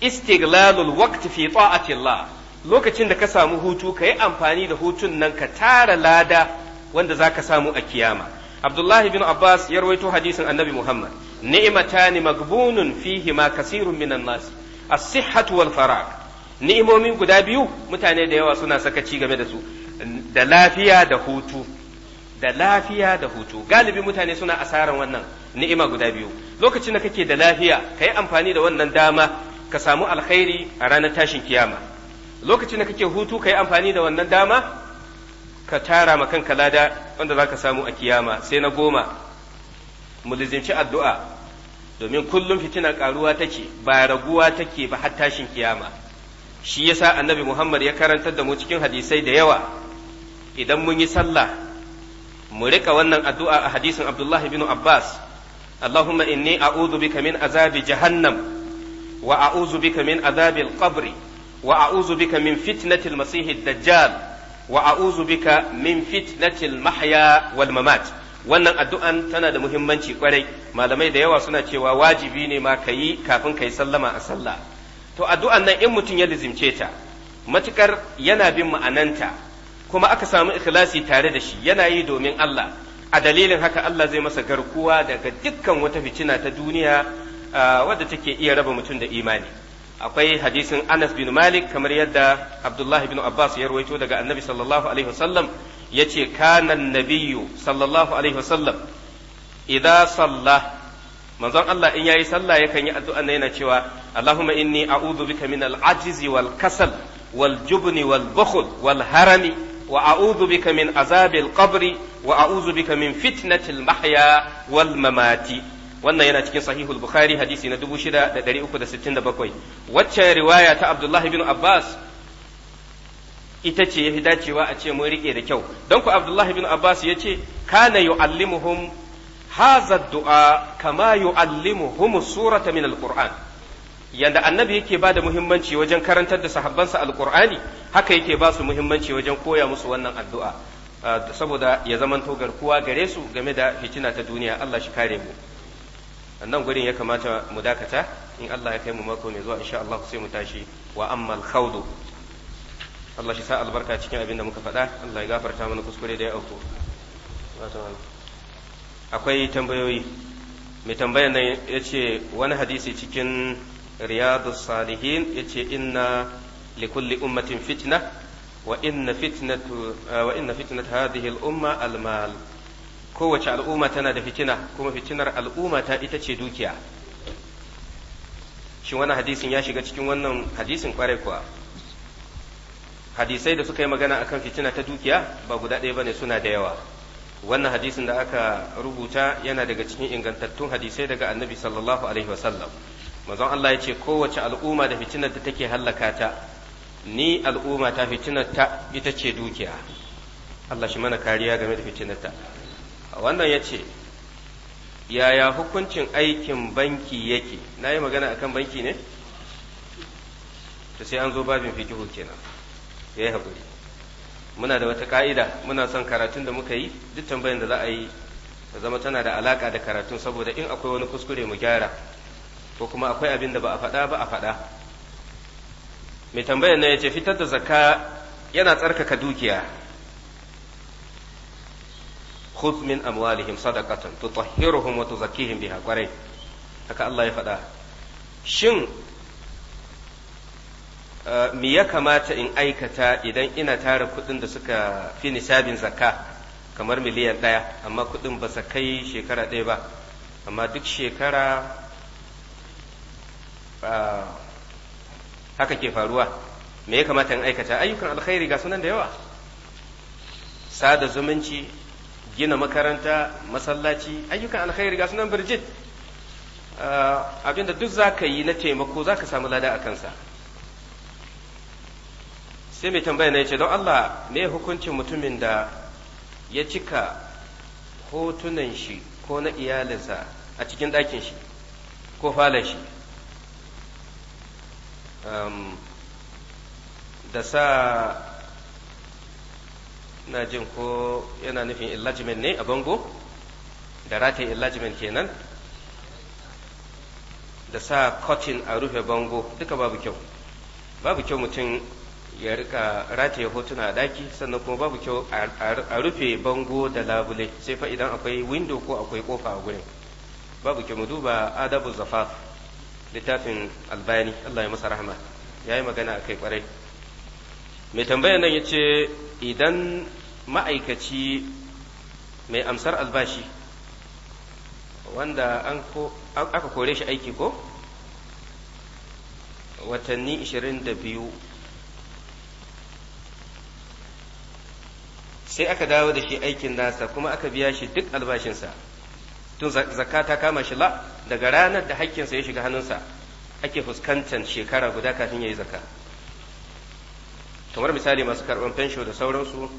istiglalul waqti fi ta'atillah lokacin da ka samu hutu ka yi amfani da hutun nan ka tara lada wanda za ka samu a kiyama abdullahi bin abbas ya rawaito hadisin annabi muhammad Ni'imatani magbunun fihi ma kasirun minan nasi as-sihhatu wal farag ni'imomin guda biyu mutane da yawa suna sakaci game da su da lafiya da hutu da lafiya da hutu galibi mutane suna asaran wannan ni'ima guda biyu lokacin da kake da lafiya ka yi amfani da wannan dama ka samu alkhairi a ranar tashin kiyama lokacin da kake hutu ka yi amfani da wannan dama ka tara ma kanka lada wanda za ka samu a kiyama sai na goma mu addu'a domin kullum fitina karuwa take ba raguwa take ba har tashin kiyama shi yasa annabi muhammad ya karantar da mu cikin hadisai da yawa idan mun yi sallah mu rika wannan addu'a a hadisin abdullahi bin abbas allahumma inni a'udhu bika min azabi jahannam wa a'udhu bika min azabil qabri wa a'udhu bika min fitnatil masihid dajjal wa a'udhu bika min fitnatil mahya wal wannan addu'an tana da muhimmanci kwarai malamai da yawa suna cewa wajibi ne ma kayi kafin ka yi sallama a sallah to addu'an nan in mutum ya lizimce ta matukar yana bin ma'ananta kuma aka samu ikhlasi tare da shi yana yi domin Allah a dalilin haka Allah zai masa garkuwa daga dukkan wata fitina ta duniya ah, wadda take iya raba mutum da imani akwai hadisin Anas bin Malik kamar yadda Abdullahi bin Abbas ya rawaito daga Annabi sallallahu alaihi wasallam yace kana nabiyyu sallallahu alaihi wasallam idza salla manzon Allah in yayi sallah yakan yi addu'a yana cewa Allahumma inni a'udhu bika min al-ajzi wal kasal wal jubni wal bukhl wal harami wa a'udhu bika min azabil qabri wa a'udhu bika min fitnatil mahya wal mamati wannan yana cikin sahihul bukhari hadisi na 6367 waccan riwaya ta abdullahi bin abbas ita ce yafi dacewa a ce mun rike da kyau don ku abdullahi bin abbas ya ce kana yu'allimuhum haza du'a kama yu'allimuhum surata min alquran yanda annabi yake ba da muhimmanci wajen karantar da sahabbansa alqur'ani haka yake ba su muhimmanci wajen koya musu wannan addu'a ah, saboda ya zamanto garkuwa gare su game da fitina ta duniya Allah shi kare mu annan gurin ya kamata mu dakata in Allah ya kai mu mako mai zuwa insha Allah sai mu tashi wa ammal khawdu Allah shi sa albarka cikin abin da muka faɗa Allah ya gafarta mana kuskure da ya auku akwai tambayoyi mai tambayar nan yace wani hadisi cikin riyadus salihin yace inna likulli ummatin fitna wa inna fitnatu wa inna fitnat hadhihi al-umma al-mal kowace al'umma tana da fitina kuma fitinar al'umma ta ita ce dukiya shi wani hadisin ya shiga cikin wannan hadisin kwarai kuwa hadisai da suka yi magana akan fitina ta dukiya ba guda ɗaya ba ne suna da yawa wannan hadisin da aka rubuta yana daga cikin ingantattun hadisai daga annabi sallallahu alaihi wasallam manzon Allah ya ce kowace al'umma da fitinar da take hallaka ta ni al'umma ta fitinar ta ita ce dukiya Allah shi mana kariya game da fitinar ta wannan ya ce yaya hukuncin aikin banki yake na yi magana a kan banki ne Ta sai an zo babin fikihu kenan ya yi haƙuri muna da wata ka'ida muna son karatun da muka yi duk tambayin da za a yi ta zama tana da alaƙa da karatun saboda in akwai wani kuskure mu gyara ko kuma akwai abin da ba a faɗa ba a faɗa mai tambayar na ya ce fitar da zakka yana tsarkaka dukiya khudh min amwalihim sadaqatan tutahhiruhum wa tuzakkihim biha kwarai haka Allah ya faɗa shin eh, mi ya kamata in aikata idan ina tara kuɗin da suka fi nisabin zakka kamar miliyan ɗaya amma kuɗin ba sa kai shekara ɗaya ba amma duk shekara eh, haka ke faruwa me ya kamata in aikata ayyukan alkhairi ga sunan da yawa sada zumunci gina makaranta masallaci ayyukan alkhairi ga sunan birjit ah, abinda duk za yi na taimako zaka samu lada a kansa sai mai tambaya na ya ce don Allah me hukuncin mutumin da ya cika hotunan shi ko na iyalinsa a cikin ɗakin shi ko falon shi da sa ina jin ko yana nufin enlargement ne a bango da rataye enlargement kenan da sa cotton a rufe bango duka babu kyau babu kyau mutum ya rika rataye hotuna a daki sannan kuma babu kyau a rufe bango da labule sai fa idan akwai window ko akwai kofa a gurin babu kyau mu duba adabu zafaf littafin albani Allah ya masa rahama yayi magana akai kwarai mai tambayar nan yace idan ma'aikaci mai amsar albashi wanda aka kore shi aiki ko watanni 22 sai aka dawo da shi aikin nasa kuma aka biya shi duk albashinsa tun zakka ta kama shi la daga ranar da hakkinsa ya shiga hannunsa ake fuskantar shekara guda kafin ya yi zakka kamar misali masu karɓar fensho da sauransu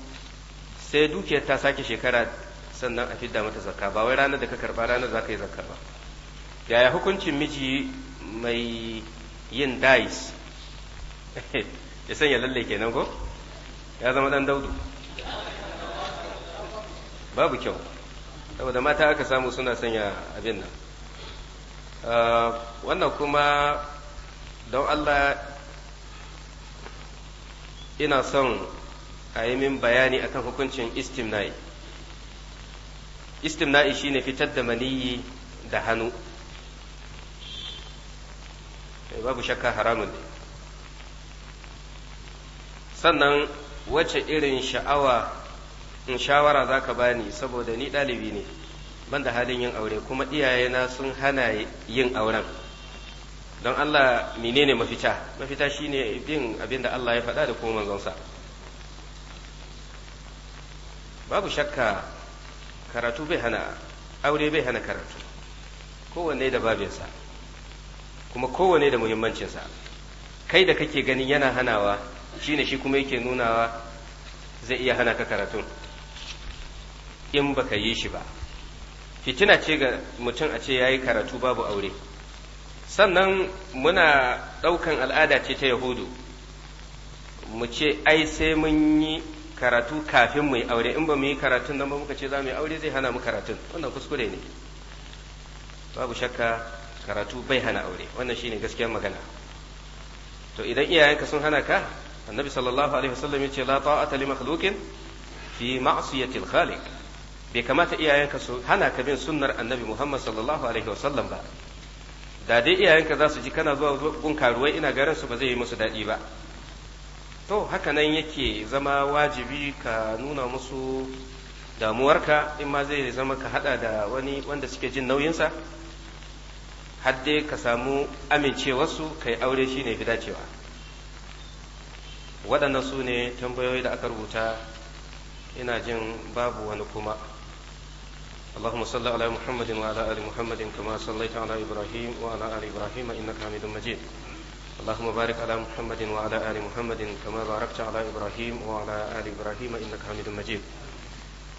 sai dukiyar ta sake shekara sannan a fidda mata zakka ba wai ranar da ka karɓa ranar za ka yi zakka ba yaya hukuncin miji mai yin dais [laughs] ya sanya lalle kenan ko ya zama dan daudu babu kyau saboda mata aka samu suna sanya abin nan ah, wannan kuma don Allah ina son a yi min bayani akan hukuncin istimna'i istimna'i shine fitar da maniyi da hannu eh, babu shakka haramun ne sannan wace irin sha'awa in shawara za ka bani saboda ni ɗalibi ne ban da halin yin aure kuma iyayena sun hana yin auren don Allah menene mafita mafita shine bin abin da Allah ya faɗa da kuma manzonsa babu shakka karatu bai hana aure bai hana karatu kowanne da babinsa kuma kowanne da muhimmancinsa kai da kake ganin yana hanawa shine shi kuma yake nunawa zai iya hana ka karatun in baka yi shi ba fitina ce ga mutum a ce ya yi karatu babu aure sannan muna ɗaukan al'ada ce ta yahudu mu ce ai sai mun yi karatu kafin mu yi aure in ba mu yi karatun nan ba muka ce za mu yi aure zai hana mu karatun wannan kuskure ne babu shakka karatu bai hana aure wannan shi ne gaskiyar magana to idan iyayenka sun hana ka annabi sallallahu alaihi wasallam yace la ta'ata li makhluqin fi ma'siyati al-khaliq bai kamata iyayenka su hana ka bin sunnar annabi muhammad sallallahu alaihi wasallam ba da dai iyayenka za su ji kana zuwa gun karuwai ina garin su ba zai yi musu daɗi ba to haka nan yake zama wajibi ka nuna musu damuwarka in ma zai zama ka hada da wani wanda suke jin nauyinsa har dai ka samu amincewarsu ka yi aure shi ne fi dacewa waɗannan su ne tambayoyi da aka rubuta ina jin babu wani kuma اللهم صل على محمد وعلى ال محمد كما صليت على ابراهيم وعلى ال ابراهيم انك حميد مجيد اللهم بارك على محمد وعلى ال محمد كما باركت على ابراهيم وعلى ال ابراهيم انك حميد مجيد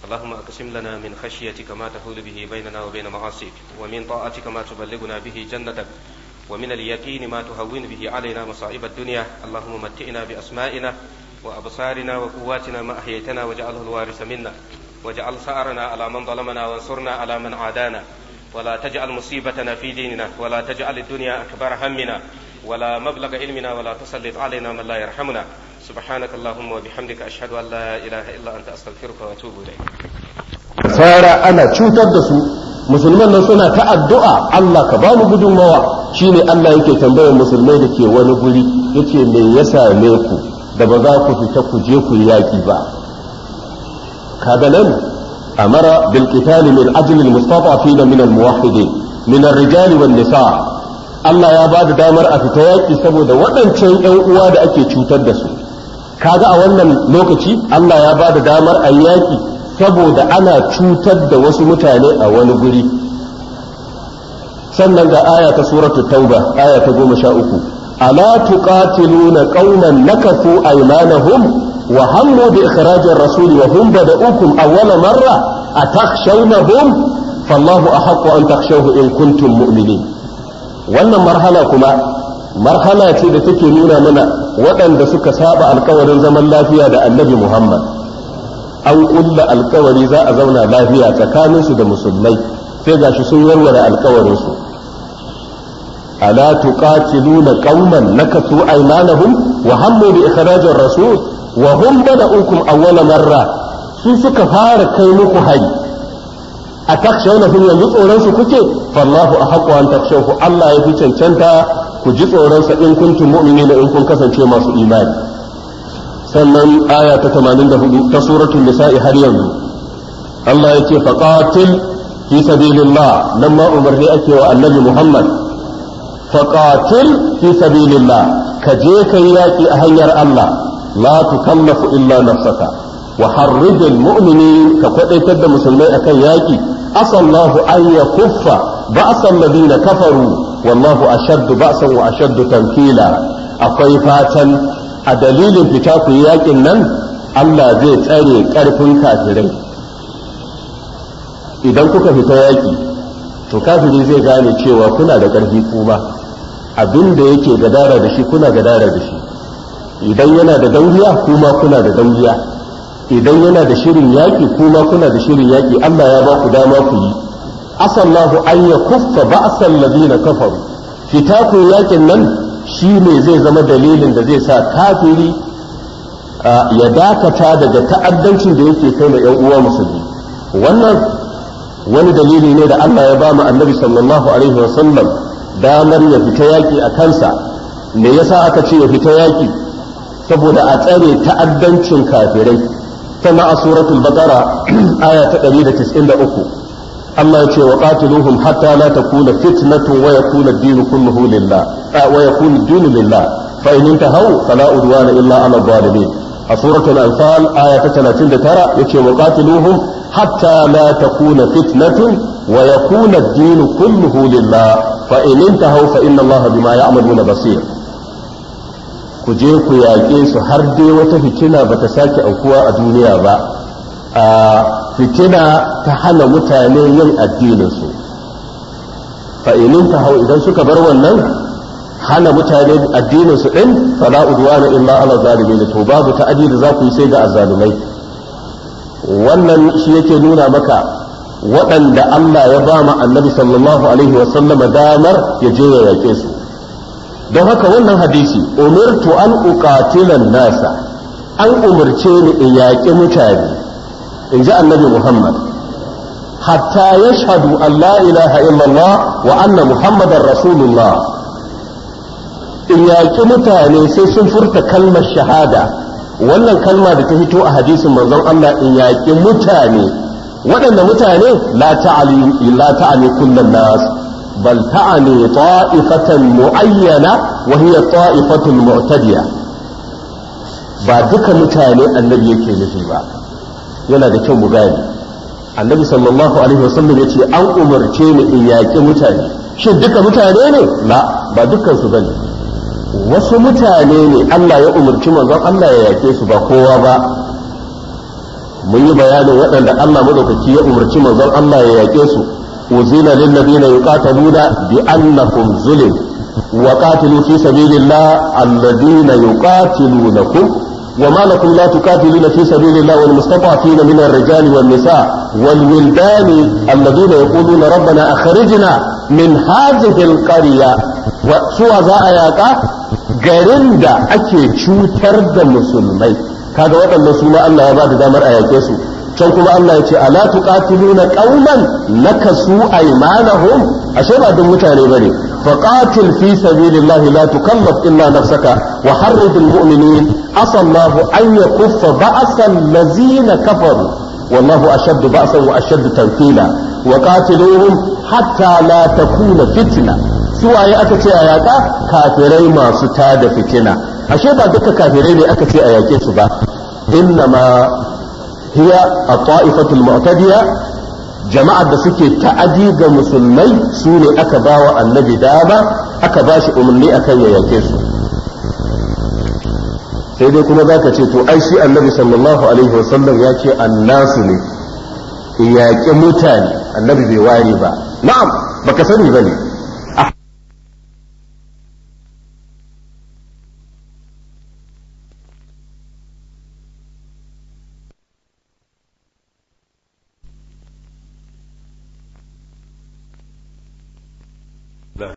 اللهم اقسم لنا من خشيتك ما تحول به بيننا وبين معاصيك ومن طاعتك ما تبلغنا به جنتك ومن اليقين ما تهون به علينا مصائب الدنيا اللهم متئنا باسمائنا وابصارنا وقواتنا ما احييتنا واجعله الوارث منا واجعل ثأرنا على من ظلمنا وانصرنا على من عادانا ولا تجعل مصيبتنا في ديننا ولا تجعل الدنيا أكبر همنا ولا مبلغ علمنا ولا تسلط علينا من لا يرحمنا سبحانك اللهم وبحمدك أشهد أن لا إله إلا أنت أستغفرك وأتوب إليك سارة أنا cutar da su musulman nan suna ta addu'a Allah ka ba mu gudunmawa shine Allah yake tambayar musulmai da ke wani guri yace me ya same ku da ba za ku fita ku je ku yaki ba kaga nan amara bil qitali min ajli al mustata'fin min al muwahhidin min ar nisa Allah ya ba da damar a fita yaki saboda waɗancan ƴan uwa da ake cutar da su kaga a wannan lokaci Allah ya ba da damar a yaƙi saboda ana cutar da wasu mutane a wani guri sannan ga aya ta suratul tauba aya ta goma sha uku ala tuqatiluna qauman nakafu aymanahum wa hammu bi ikhraj ar-rasul wa hum bada'ukum awwala marra atakhshawnahum fallahu ahaqqu an takhshawhu in kuntum mu'minin wannan marhala kuma marhala ce da take nuna mana waɗanda suka saba alkawarin zaman lafiya da annabi muhammad an ƙulla alkawari za a zauna lafiya tsakaninsu da musulmai sai shi sun warware alkawarinsu ala tuqatiluna qauman nakasu aymanahum wa hammu bi ikhrajir rasul wa hum bada'ukum awwala marra su suka fara kai muku hari a takshawna hum yanzu tsoron su kuke fallahu ahqqu an takshawhu Allah ya fi cancanta ku ji tsoron sa in kuntum mu'minina in kun kasance masu imani sannan aya ta 84 ta suratul nisa'i har yanzu Allah yake faqatil fi sabilillah nan ma umarni ake wa annabi Muhammad faqatil fi sabilillah ka je yi yaki a hanyar Allah la tukallafu illa nafsaka wa harrijul mu'minin ka kwadaitar da musulmai akan yaki asallahu an yakuffa ba'sal ladina kafaru wallahu ashaddu ba'san wa ashaddu tankila akwai fatan a dalilin fita ku yakin nan Allah zai tsare karfin kafirai idan kuka fita yaƙi to kafiri zai gane cewa kuna da karfi kuma abin da yake gadara da shi kuna gadara da shi idan yana da dauriya kuma kuna da dauriya idan yana da shirin yaki kuma kuna da shirin yaki Allah ya ba ku dama ku yi asallahu an ya kuffa ba'sal ladina kafaru fita ku yakin nan shi ne zai zama dalilin da zai sa kafiri ya dakata daga ta'addancin da yake kai ma yan uwa musulmi wannan wani dalili ne da Allah ya ba mu annabi sallallahu alaihi wasallam damar ya fita yaki a kansa me yasa aka ce ya fita yaki saboda a tsare ta'addancin kafirai sannan a suratul baqara [clears throat] aya ta 193 Allah ya ce wa qatiluhum hatta la takuna fitnatun wa yakuna ad-din kulluhu lillah wa yakuna ad-din lillah fa in intahu fala udwana illa ala adh-dhalimin a suratul anfal aya ta 39 yace wa qatiluhum hatta la takuna fitnatun wa yakuna ad-din kulluhu lillah fa in intahu fa inna Allah bima ya'maluna basir ku je ku yaƙe su har dai wata fitina ba ta sake aukuwa a duniya ba a fitina ta hana mutane yin addininsu fa'ilin ta hau idan suka bar wannan hana mutane addininsu ɗin fala udwana illa ala zalimin to babu ta'adi da za ku yi sai ga azzalumai wannan shi yake nuna maka waɗanda Allah ya ba ma annabi sallallahu alaihi wasallama damar ya je ya yaƙe su don haka wannan hadisi umirtu an uqatilan nasa an umarce ni in yaƙi mutane in ji annabi muhammad hatta yashadu an la ilaha illallah wa anna muhammadan rasulullah in yaƙi mutane sai sun furta kalmar shahada wannan kalma da ta fito a hadisin manzon Allah in yaƙi mutane waɗanda mutane la ta'ali la ta'ali bal ta'ani ta'ifatan mu'ayyana wa ya ta'ifatul mu'tadiya ba duka mutane annabi yake nufi ba yana da kyau mu gane annabi sallallahu alaihi wasallam yace an umarce ni in yaƙi mutane shin duka mutane ne ba wasu mutane ne Allah ya umarci manzon Allah ya yaƙe su ba kowa ba mun yi bayanin waɗanda Allah madaukaki ya umarci manzon Allah ya yaƙe su uzina lil ladina yuqataluna bi annakum zulim wa qatilu fi sabilillah وما لكم لا تقاتلون في سبيل الله والمستضعفين من الرجال والنساء والولدان الذين يقولون ربنا أخرجنا من هذه القرية وسوى ذا آياتا garin da ake cutar da musulmai kaga waɗanda su ma Allah ya ba da damar a yake su can kuma Allah ya ce ala tuqatiluna qauman nakasu aymanahum ashe ba duk mutane bane faqatil fi sabilillahi la tukallaf illa nafsaka wa harridul mu'minin asa Allah an yakuffa ba'sal ladzina kafaru wallahu ashaddu ba'san wa ashaddu tanfila wa qatiluhum hatta la takuna fitna suwaye aka ce a yaƙa kafirai masu tada fitina ashe ba duka kafirai ne aka ce a yaƙe su ba inna ma hiya a ta'ifatul mu'tadiya jama'ar da suke ta'adi ga musulmai su ne aka bawa wa annabi dama aka ba shi umarni akan ya yake su sai dai kuma za ka ce to ai shi annabi sallallahu alaihi wasallam ya ce annasu ne yaƙi mutane annabi bai ware ba na'am baka sani ba ne